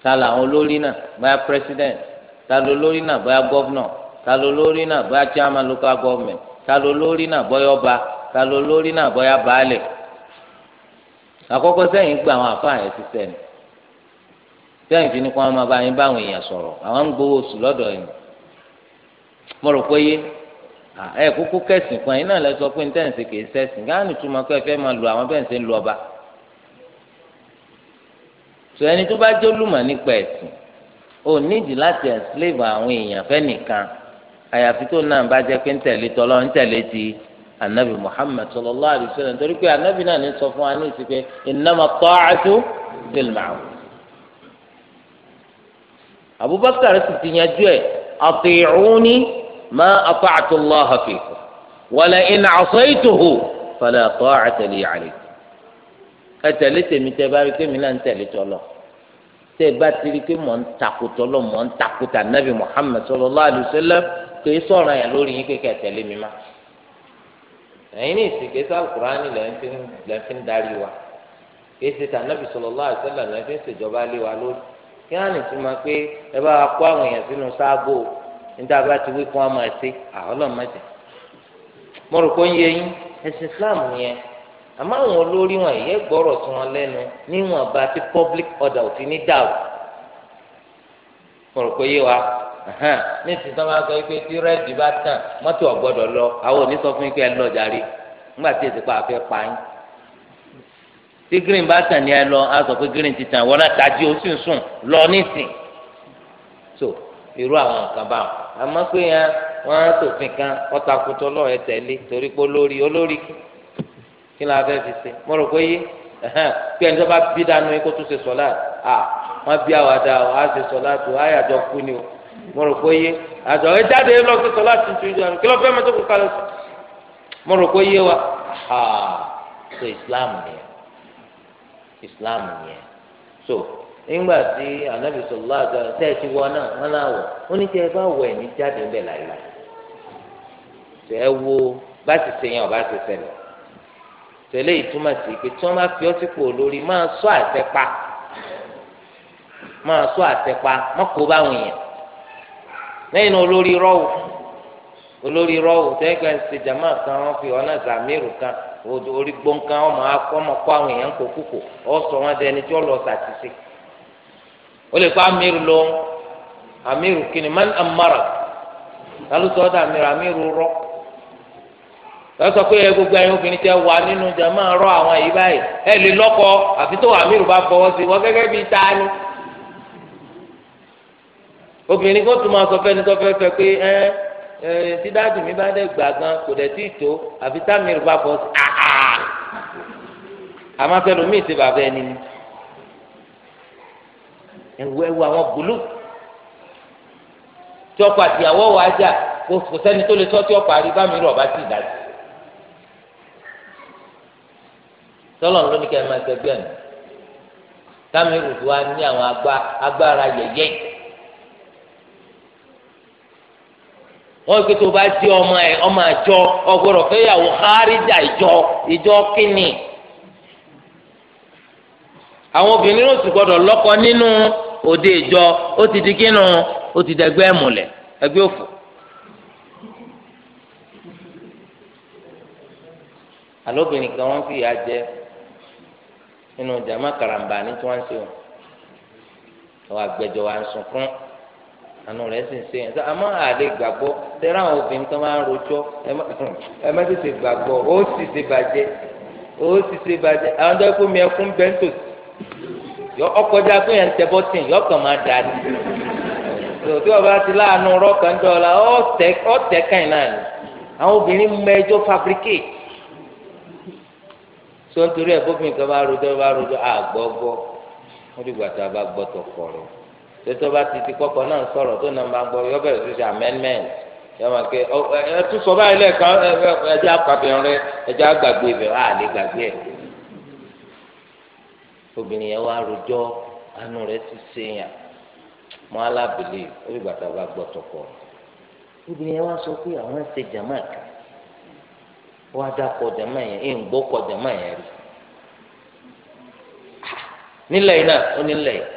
ta làwọn olórí náà báyà president ta ló lórí náà báyà governor ta ló lórí náà báyà chairman local government ta ló lórí náà bóyá ọba ta ló lórí náà bóyá baálẹ̀ àkọ́kọ́ sẹ́yìn gba àwọn àfáà yẹn ṣiṣẹ́ ni sẹ́yìn fi ni kó wọn máa bá yín báwọn èèyàn sọ̀rọ̀ àwọn ń gbowó oṣù lọ́dọ̀ yìí mo rò pé yé ẹ kúkú kẹsìn kan yín náà lẹ sọ pé ní tẹ̀sí kì í sẹ́sìn gáàní túmọ̀ pé ẹ fẹ́ máa lu àwọn bẹ́ẹ̀ ṣe ń lu ọba sọ ẹni tó bá jẹ́ olùmọ̀ nípa ẹ̀sìn ò nídìí láti ẹ̀sìlẹ́bù àwọn èèyàn fẹ́ nìkan àyàfi tó náà bá jẹ́ pé ń tẹ̀lé tọ́lọ́ ń tẹ̀lé ti anabi muhammad sallallahu alayhi torí pé anabi náà ní sọ fún wa ní ìsìnkú ما أطعت الله فيكم ولئن عصيته فلا طاعة لي عليكم أتلت من تبارك من أن تلت الله تبارك من تقوت الله من تقوت النبي محمد صلى الله عليه وسلم كي صورة يلوري كي كتلي مما ẹyin ní ìsìnkè sá alukurani lẹ́yìn fi ń darí wa kí ẹsẹ̀ tà nàbì sallallahu alaihi wasallam lẹ́yìn fi ń ṣèjọba lé wa lórí kí á nìtúmọ̀ pé ẹ bá wa kó àwọn èèyàn sínú sáàgó níta bá ti wí kí wọ́n máa ṣe àhọ́lọ́ mẹ́jẹ. mo rò pé ń yẹ yín ẹ̀sìn Islam yẹn àmọ́ àwọn olórí wọn ìyẹ́ gbọ́rọ̀ sí wọn lẹ́nu níwọ̀n bá ti public order ò ti ní dàrú. mo rò pé yé wa ní ti tán bá sọ pé tí rẹ́ẹ̀dì bá tàn mọ́tò ọ̀gbọ́dọ̀ lọ àwọn ò ní sọ fún yín pé ẹ lọ jàre nígbà tí èsì pa àfẹ́ pa yín tí green bá tàn ní ẹ lọ a sọ pé green ti tàn wọn náà tají ó sì ń sùn lọ nísìn so irú àwọn nǹkan báwọn àmọ́ pé yẹn wọ́n á tòfin kan ọ̀tàkùtọ̀ lọ́ọ̀ ẹ tẹ̀lé torí pé olórí olórí kí la fẹ́ fi ṣe mo rò pé yé pé ẹni tó bá bí dànù yín kó tún ṣe sọ́lá à wọ́n bí àwàdà ọ̀ á ṣe sọ́lá tó àyàjọ kú ni o mo rò pé yé àjọ ẹ jáde lọ sí sọ́lá tuntun ìjọ kí ló fẹ́ mọ́tò kó kalẹ̀ sí mo rò pé yé wa so Islam nìyẹn Islam nìyẹn so nígbà tí anabi sọlá àgbà tẹ́ ẹ ti wọ náà wọn náà wọ̀ ó ní tí ẹ bá wọ ẹ̀mí jáde ńbẹ̀ láìláì tẹ ẹ wo bá ti ọba ti ṣẹlẹ̀ tẹ̀lé ìtumọ̀ sí pé tí wọ́n bá fi lórí sọ máa sọ olórí olórí ṣe jàmá kan fi ọ̀nà kan orí ọmọ kọ́ àwọn èèyàn kò kúkò ọ̀sọ̀ wọn dẹni tí lọ O lè kó amíru ló ń amíru kìnnì man amara lálùsọ ọdọ amíru amíru rọ lọsọ pé ẹ gbogbo ẹ̀yin obìnrin tẹ wà nínú jàmá rọ àwọn yìí báyìí ẹ lè lọ́kọ àfi tó amíru bá fọwọ́ sí wọ́n gẹ́gẹ́ bíi tani obìnrin kó tó máa sọ fẹ́ni tó fẹ́ fẹ́ pé ẹ ẹ tí dáàdì mi bá dẹ̀ gbà gan kò dẹ̀ tí ì tó àfi tá mi rúbà bọ́ sí àhà àmọ́ lomi ìsè bàbá ẹni ni. ẹwọ ẹwọ àwọn bulu, tí ọkọ àtìyàwó wà á jà kò sẹ́ni tó lè sọ tí ọkọ àríbá mi rọ̀ bá sì dájú. tọ́lọ̀ ló ní ẹ máa wa ní àwọn agbára yẹ̀yẹ́ tó bá ọmọ ọmọ àjọ àwọn obìnrin ò sì gbọdọ̀ lọ́kọ nínú òde ìjọ ó ti di kínú ó ti dẹgbẹ́ ẹ̀mùlẹ̀ ẹgbẹ́ òfò. alóbìnrin kan wọ́n fi ìyà jẹ nínú jàmá karambà ní tí wọ́n ń ṣe wọn àwọn àgbẹjọ wa ń sunkún àánú rẹ̀ sì ń ṣe yẹn àmọ́ àlè gbàgbọ́ tẹrẹ àwọn obìnrin kan máa ń rojọ́ ẹ má tètè gbàgbọ́ ó sì ṣe bàjẹ́ ó sì ṣe bàjẹ́ àwọn tó kó mi ẹkún bẹ́ẹ̀ yọ ọkọjá pé yẹn tẹ bọ́tìn yọ kàn máa dà ní tí wọn ti láàánú la ọtẹ kàn náà ni àwọn obìnrin mọ ẹjọ fabricate tó ń torí ẹ bófin kan bá rojọ́ bá rojọ́ àgbọgbọ wọn ti gbàtà bá gbọtọ kọrọ tẹtọ bá ti ti kọkọ náà tó yọ yọ máa ké ẹ tún sọ báyìí obìnrin yẹn wá rojọ́ àánú ti ṣèyàn mọ́ alábìlẹ̀ ó fi gbàtà bá wa tọkọ obìnrin yẹn wá sọ pé àwọn ń ṣe kan ó wá dákọ̀ jàmáà yẹn ń gbọ́kọ̀ jàmáà yẹn rí nílẹ̀ yìí náà ó nílẹ̀ yìí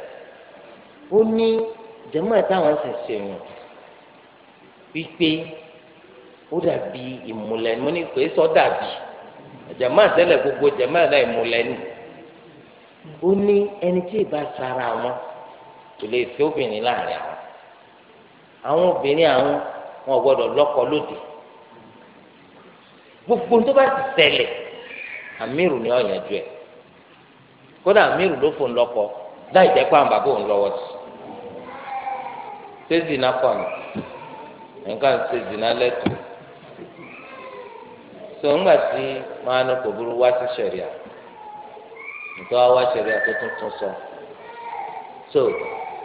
ó ní jàmáà táwọn ṣe ṣèyàn wípé ó dàbí ìmùlẹ̀ mo ní pé sọ dàbí jàmáà tẹ́lẹ̀ gbogbo náà ni. ó ní ẹni tí ìbá sara wọn kò lè fi obìnrin láàrin àwọn àwọn obìnrin àwọn wọn gbogbo tó bá ti ṣẹlẹ̀ ni ọ ju ẹ kódà amiru ló fò ń lọ́kọ láì jẹ́ pé àwọn bàbá òun lọ́wọ́ sezi náà kọ ni sezi náà lẹtọ so ńgbà tí máa kò burú wá nǹkan wá wá ṣẹlẹ̀ àti tuntun sọ so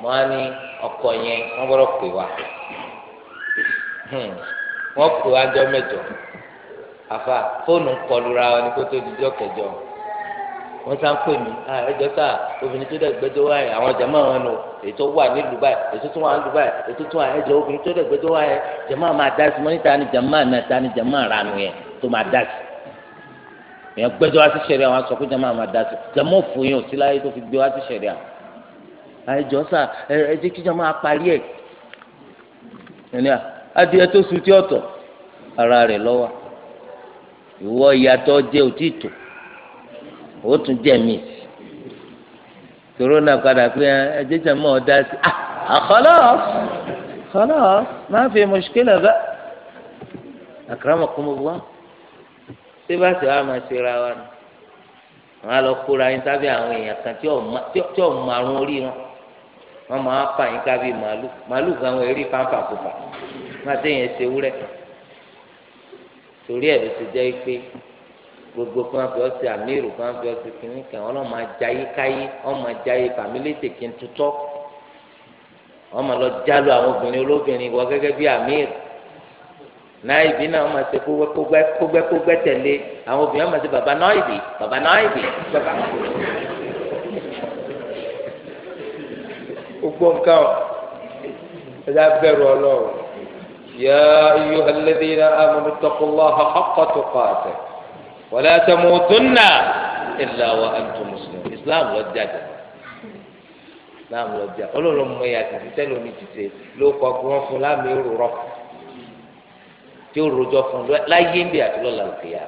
mo á ní ọkọ yẹn wọ́n gbọ́dọ̀ pè wá hmm. wọ́n pè wá jọ mẹ́jọ àfa fóònù ń kọlura ọ ní kó tó dijọ́ kẹjọ wọ́n sá ń pè mí ẹjọ́ sá obìnrin tó dẹ̀gbẹ́jọ́ wá yẹn àwọn jàmá wọn nù ètò wà ní Dubai ètò tún wà ní Dubai ètò tún wà ẹjọ́ obìnrin tó dẹ̀gbẹ́jọ́ wá yẹn jàmá máa dá sí mọ́nítà ni jàmá náà ta ni jàmá ranu yẹn tó máa dá èèyàn gbẹ́jọ́ wá sí sẹ̀ríà wọn sọ pé jẹ́ máa máa da sí jẹ́mọ́ fún yín ò sí láyé tó fi gbé wá sí sẹ̀ríà àìjọ sà ẹ jẹ́ kí jẹ́ máa parí ẹ̀ ẹni à adìyẹ tó sutí ọ̀tọ̀ ara rẹ̀ lọ́wọ́ ìwọ ìyàtọ̀ jẹ́ òtí tò ó tún jẹ́ mí corona padà pé ẹ jẹ́ jẹ́ sí àkọlọ́ àkọlọ́ máa fi mùsùlùmí lẹ́gbẹ́ àkàrà mọ̀kúnmọ́ wá. tí bá ṣe wá máa ṣe ra wa nù wọn á lọ kóra yín sábẹ́ àwọn èèyàn kan tí ò márùn orí wọn wọn máa fà yín kábí màálù màálù gan wọn èrí pàǹpà pupa máa téèyàn ṣe wúrẹ torí ti jẹ́ pé gbogbo kan fi kan fi kan wọn lọọ máa jayé káyé wọn máa jayé fàmílétè kí n wọn máa lọ jálù àwọn obìnrin olóbìnrin náà ibi náà máa ṣe kógbẹ́ kógbẹ́ kógbẹ́ kogbẹ tẹ̀lé àwọn obìnrin máa ṣe bàbá náà ibi bàbá náà ibi bàbá náìbì. gbogbo nǹkan ọ̀ ẹ ẹ̀dá bẹ̀rù ọlọ́run yá iyú alladhina amanu taqullaha haqqa tuqatih wa la tamutunna illa wa antum muslimun islam lọ jáde islam lọ jáde ọlọ́run mọ̀ yàtọ̀ tẹ́lẹ̀ omi ti ṣe ló kọ́ gbọ́n fún láàmì rúrọ́. tí ó rojọ́ fún un láyé ń bẹ àti lọ́la òkèèyà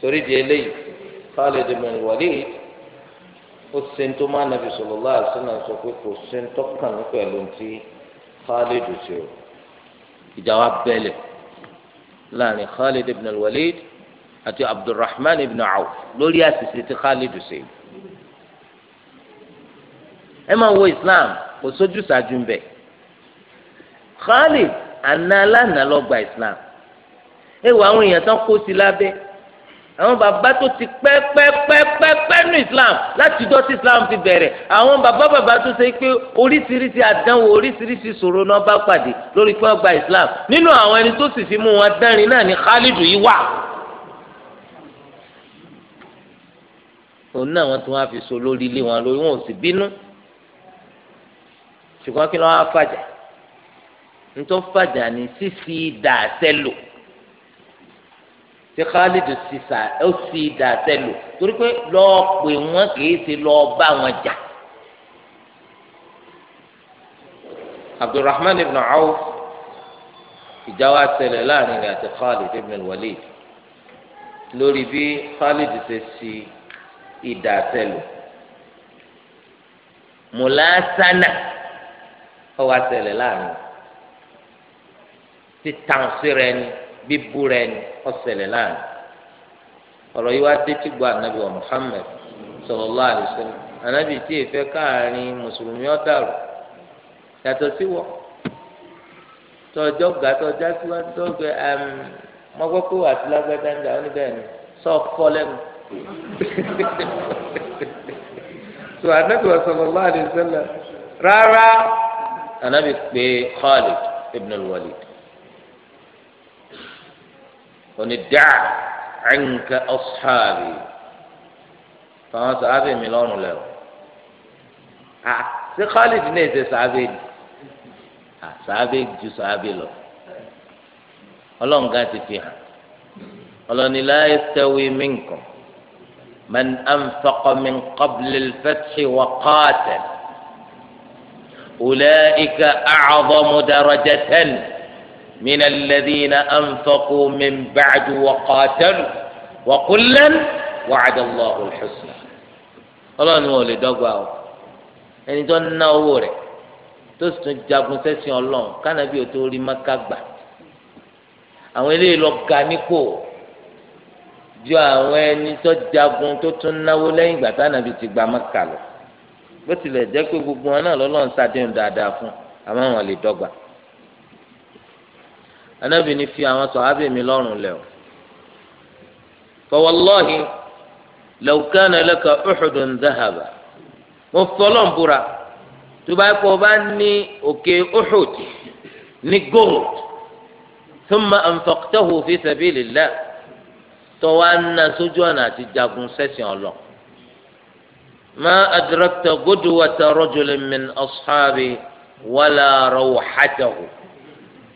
torí di eléyìí Khalid bin Walid ó ṣe ń tó má nàbì sallallahu alaihi wasallam sọ pé kò ṣe ń tọ́kàn ní pẹ̀lú ti Khalid ṣe o ìjà wa bẹ́lẹ̀ láàrin Khalid bin Walid àti Abdulrahman bin Awf lórí àṣìṣe tí Khalid ṣe ẹ máa wo Islam kò sójú ṣáájú ń bẹ Khalid àna alánà lọ gba islam ẹ wọ àwọn èèyàn tán kó sí lábẹ́ àwọn bàbá tó ti pẹ́ pẹ́ pẹ́ pẹ́ pẹ́ nu islam láti dọ́ tí islam fi bẹ̀rẹ̀ àwọn bàbá bàbá tó ṣe pé oríṣiríṣi àdánwò oríṣiríṣi ìṣòro náà bá pàdé lórí pé wọ́n gba islam nínú àwọn ẹni tó sì fi mú wọn dánrin náà ni khalidu yìí wà. òun náà wọ́n tún wá fi so lórí ilé wọn lórí wọn ò sì bínú ṣùgbọ́n kí ló wá fàjà nítorí fàjà ní sísì dàtẹ́ lò tí Khalid sísà ó sì dàtẹ́ lò torí pé lọ́ọ́ pè wọ́n kìí ṣe lọ́ọ́ bá wọn jà. Abdulrahman ibn Awf ìjà wa ṣẹlẹ̀ láàrin rẹ̀ àti Khalid ibn Walid lórí bí Khalid ṣe ṣì ìdà sẹlò mùlásánà ọwọ́ àṣẹlẹ̀ láàrin títàn síra ẹni bíbú rẹ ni ọsẹlẹ láàrin ọ̀rọ̀ yìí wá détí gbọ́ anabi wa Muhammad sallallahu alaihi wasallam anabi tí èèfẹ káàrin mùsùlùmí ọdàrú yàtọ̀ sí wọ tọjọ gà tọjá síwájú tọgbẹ mọ gbọ́ pé wà á ti lágbádá ń dà ó níbẹ̀ ni sọ fọ so anabi wa sallallahu alaihi wasallam rárá anabi pé Khalid ibn al-Walid onídà ẹnkẹ ọsàbì fáwọn sàábì mi lọ́rùn lẹ o à ṣé Khalid náà ṣe sàábì ni à sàábì ju sàábì lọ ọlọ́ǹgá ti fi hàn ọlọ́ni láyé sẹ́wìí mí nǹkan من أنفق من قبل الفتح وقاتل أولئك أعظم درجة من الذين أنفقوا من بعد وقاتلوا وكلا وعد الله الحسنى ọlọ́run ò lè dọ́gba o ẹni tó ń ná owó rẹ̀ tó sì tún jagun sẹ́sìn ọlọ́run kánàbí ò tó rí maka gbà àwọn eléyìí lọ ga nípò ju àwọn ẹni tó jagun tó tún náwó lẹ́yìn ìgbà tánàbí ti gba maka lọ bó tilẹ̀ jẹ́ pé gbogbo wọn náà lọ́lọ́run ṣàdéhùn dáadáa fún àmọ́ wọn lè dọ́gba anábì ní fi àwọn sọ̀hábì mi lọ́rùn lẹ̀ o. fọwọ́lọ́hìn lẹ́wùkánà lẹ́ka ọ̀hùdùn dáhàbà mo fọlọ́n búra tó bá kọ́ bá ní òkè ọ̀hùd ní gold thumma anfaqtahu fi sabilillah tọ́wọ́ ana sójú ọ̀nà àti jagun sẹ́sìn ọlọ́ọ̀. ما أدركت قدوة رجل من أصحابي ولا روحته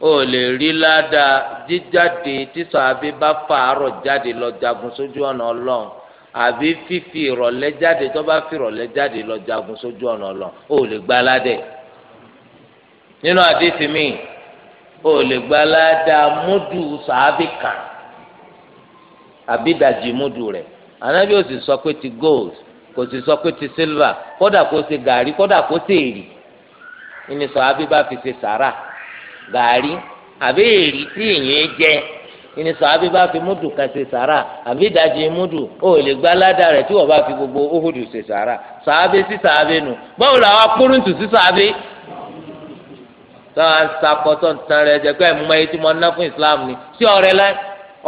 o lè rí ládàá jíjáde tí sàbí bá fàárọ̀ jáde lọ jagun sójú ọ̀nà ọlọ́run àbí fífi ìrọ̀lẹ́ jáde tó bá fi ìrọ̀lẹ́ jáde lọ jagun sójú ọ̀nà ọlọ́run o lè gba ládẹ̀ nínú àdìsí mi o lè gba ládàá múdù sàbí kan àbí dàjì múdù rẹ̀ ànábì ò sì sọ pé ti gold kò sì sọ pé ti silver kódà kó ṣe gàrí kódà kó ṣe èrì ìní sàbí bá fi ṣe sàrà gàrí àbí èrí tí èèyàn jẹ ìní sàábí bá fi múdù kan ṣe sàrà àbí ìdajì múdù ó lè gba ládà rẹ tí wọn bá fi gbogbo óhùdù ṣe sàrà sàábí sí sàábí nu báwo làwọn akúrúntù sí sàábí. sọ́wọ́n sakọ́tọ̀ tán rẹ jẹ́ pé ẹ̀ mọ etí mọ́ ná fún Islam ni sí ọ̀rẹ́ láì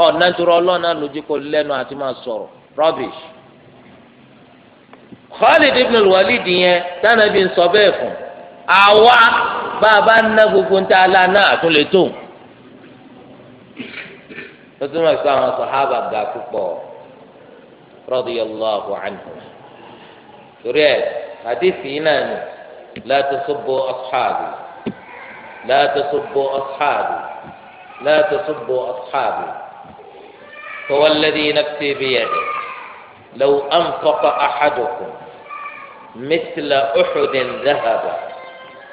ọ̀nà nítorí ọlọ́ọ̀nà lójú kò lẹ́nu àti máa sọ̀rọ̀ rubbish. Khalid ibn al-Walid yẹn tánàbí ń sọ bẹ́ẹ̀ fún un àwa bá a bá ná gbogbo ń tẹ ala náà tún lè tó tó tún mọ̀ sí àwọn sàhábà ga púpọ̀ rọ́dí radiyallahu anhu torí ẹ̀ hadithi náà ni láti la tasubbu ashabi la tasubbu ashabi la tasubbu ashabi fawalladhi nafsi biyadihi law anfaqa ahadukum mithla uhudin dhahaba.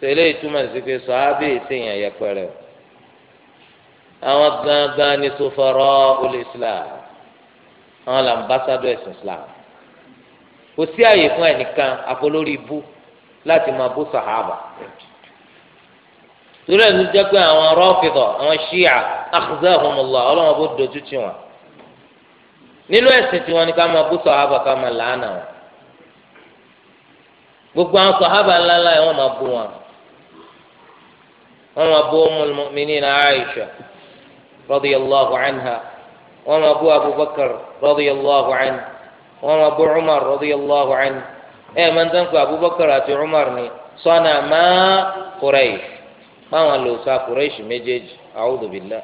tẹlẹ ìtumọ̀ sí pé sọ́ábì ìsìnyàn yẹpẹrẹ àwọn gangan ní sọfọrọ olè islam àwọn làǹbásádọ ẹ̀sìn islam kò sí àyè fún ẹnìkan àfọlórí ibú láti máa bú sàhábà torí ẹni jẹ́ pé àwọn rọfìdọ àwọn ṣíà akhzahumullah Ọlọ́run bó dojú tì wọ́n nínú ẹ̀sìn tiwọn ni ká máa bú sàhábà ká máa làánà wọn gbogbo àwọn sàhábà ńláńlá yẹn wọ́n máa bú wọn وأبو أم المؤمنين عائشة رضي الله عنها وأبو أبو بكر رضي الله عنه وأبو عمر رضي الله عنه إيه من تنكو أبو بكر أتي عمرني صنع ما قريش ما هو اللي قريش مجيج أعوذ بالله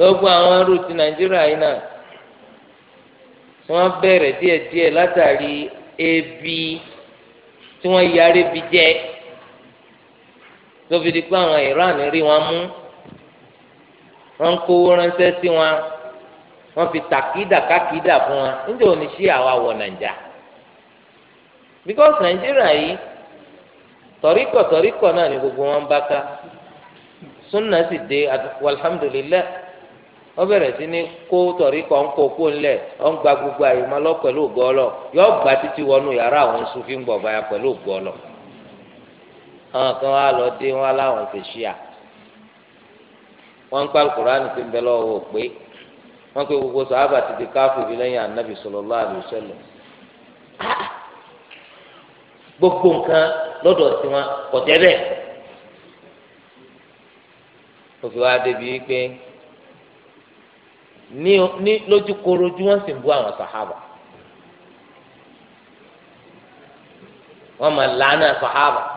gbogbo àwọn ti nàìjíríà yìí náà wọn látàrí ebi tí wọn bi jẹ tó fi di pé àwọn Iran rí wọn mú wọn kówó ránṣẹ́ sí wọn wọn fi takida kakida fún wọn níjẹ́ òní sí àwa wọ nàìjà because nàìjíríà yìí náà ni gbogbo wọn bá ká súnà sì dé alhamdulillah wọ́n bẹ̀rẹ̀ sí ní kó tọ̀ríkọ̀ ń kó kó ńlẹ̀ gba gbogbo àyè máa lọ pẹ̀lú ògbọ́lọ̀ títí wọnú yàrá àwọn ń àwọn kan wá lọ dé wọn láwọn ṣe ṣíà wọn ń pa alukur'an ti ń bẹ lọ́wọ́ pé wọn pe gbogbo sàhábà ti di káfíìrì lẹ́yìn anabi sallallahu alaihi wasallam ah! gbogbo nǹkan lọ́dọ̀ tiwọn kò òfin wa débi pé ní ní wọn sì ń bú àwọn sàhábà wọn máa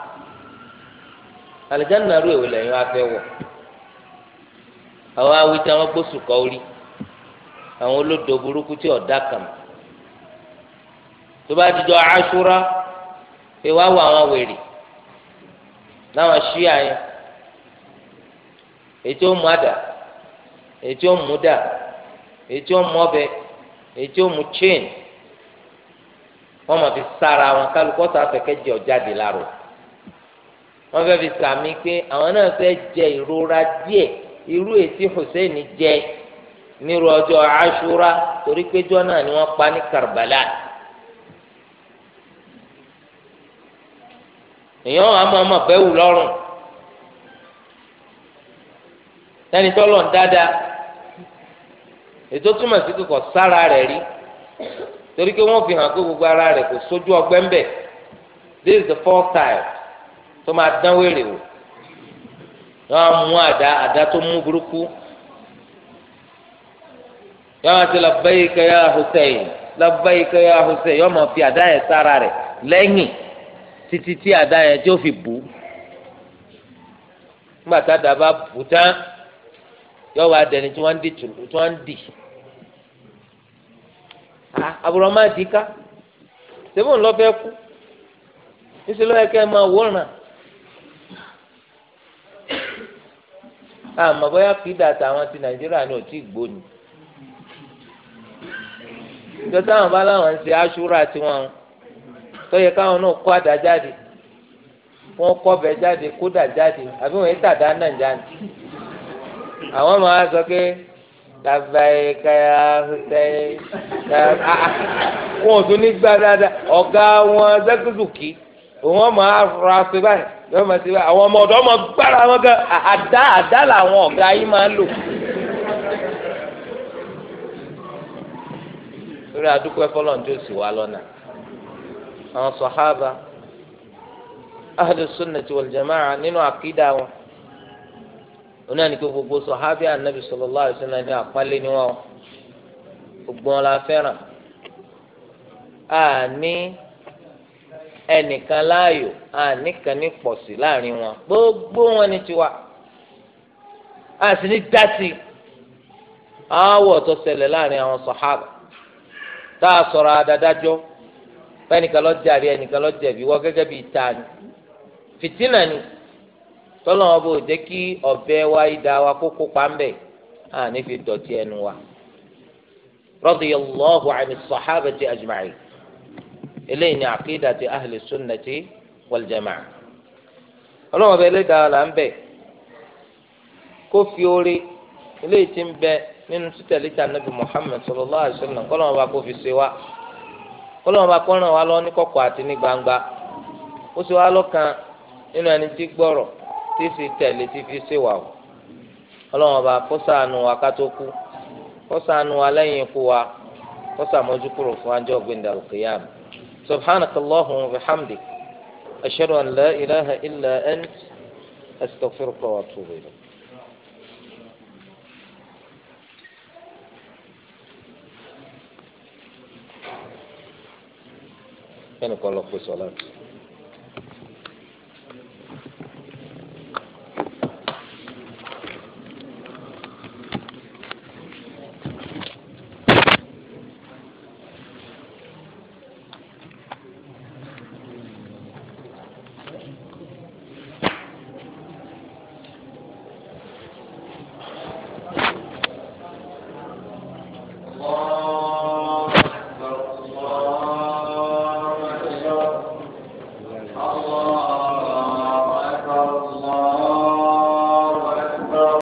alìjáná rú èwe lẹ́yìn wá fẹ́ wọ̀ àwọn awitẹ àwọn gbósù kọ́ orí àwọn olódò burúkú tí ọ̀dà kàn tó bá dijọ́ aṣúra pé wá wọ àwọn wèrè láwọn ṣíà yẹn ètò mú àdá ètò mú dà ètò mú ọbẹ ètò mú chain wọn mọ fi sára wọn kálukọ sáfẹ kẹjẹ ọjáde láàrọ. wọ́n fẹ́ fi sàmì pé àwọn náà jẹ ìrora díẹ̀ irú ètí Hussein jẹ nírú ọjọ́ Ashura torí náà ni wọ́n pa ní Karbala. èèyàn wà máa ma wù ń dáadáa ètò túmọ̀ sí sára rẹ̀ rí torí pé wọ́n fi hàn gbogbo ara rẹ̀ kò sójú ọgbẹ́ ń bẹ̀ this is tó máa dán wèrè wò yọọ mú àdá àdá tó mú burúkú yọọ máa ti labbaika ya Hussein labbaika ya Hussein yọọ máa fi àdá yẹn sára rẹ̀ lẹ́yìn títí tí àdá yẹn tí ó fi bù nígbà tá a dà bá bù tán yọ wá dẹni tí wọ́n ń di tùlù tí wọ́n ń di àbúrò máa di ká sẹ́fún lọ fẹ́ kú níṣẹ́ lọ́yẹ̀ kẹ́ ẹ máa wòran àmọ́ bóyá kìdá tàwọn ti nàìjíríà ni ò tí ì gbóni ìjọ táwọn bá láwọn ń ṣe aṣúra tiwọn tó yẹ káwọn náà kó àdá jáde wọn kọ bẹ jáde kódà jáde àbí wọn yìí tàdá náà jáde àwọn máa sọ pé labaye kaya hussein wọn ò tún ní gbà dáadáa ọ̀gá wọn zẹkùzùkì òun ọmọ afurasí báyìí yóò máa ti wá àwọn ọmọ ọ̀dọ́ ọmọ gbára wọn gan àdá àdá làwọn ọ̀gá yìí máa ń lò. lórí àdúgbò ẹfọlọ́n tó sì wá lọ́nà àwọn sọ̀hábà ahlu sunnati wal jamaa nínú àkídà wọn wọn náà ní kí gbogbo sọ̀hábì ànábì sallallahu alaihi wasallam ní àpálẹ́ ni gbogbo wọn la fẹ́ràn àní. Ah, ẹnìkan láàyò àníkan ní pọ̀sí láàrin wọn gbogbo wọn ni tiwa a sì ní dásì aáwọ̀ tó ṣẹlẹ̀ láàrin àwọn sàhábà tá a sọ̀rọ̀ àdádájọ́ fẹ́nìkan lọ jàre ẹnìkan lọ jẹ̀bi wọ́n gẹ́gẹ́ bí ìta ni fìtínà ni tọ́lọ́ wọn bò jẹ́ kí ọ̀bẹ wa ìdá wa kó kópa ní fi eléyìí ni àkídà ti ahli sunnati wal jamaa ọlọ́wọ́n bẹ ẹlẹ́dàá là ń bẹ̀ kó fi orí eléyìí ti ń bẹ nínú títẹ̀lé tí muhammed sallallahu alaihi wasallam bá kó fi ṣe wá bá wá lọ ní kọ̀kọ̀ àti ní gbangba fi ṣe o bá kó kú kó lẹ́yìn ikú kó سبحانك اللهم وبحمدك أشهد أن لا إله إلا أنت أستغفرك وأتوب إليك أنا kan lọ صلاتي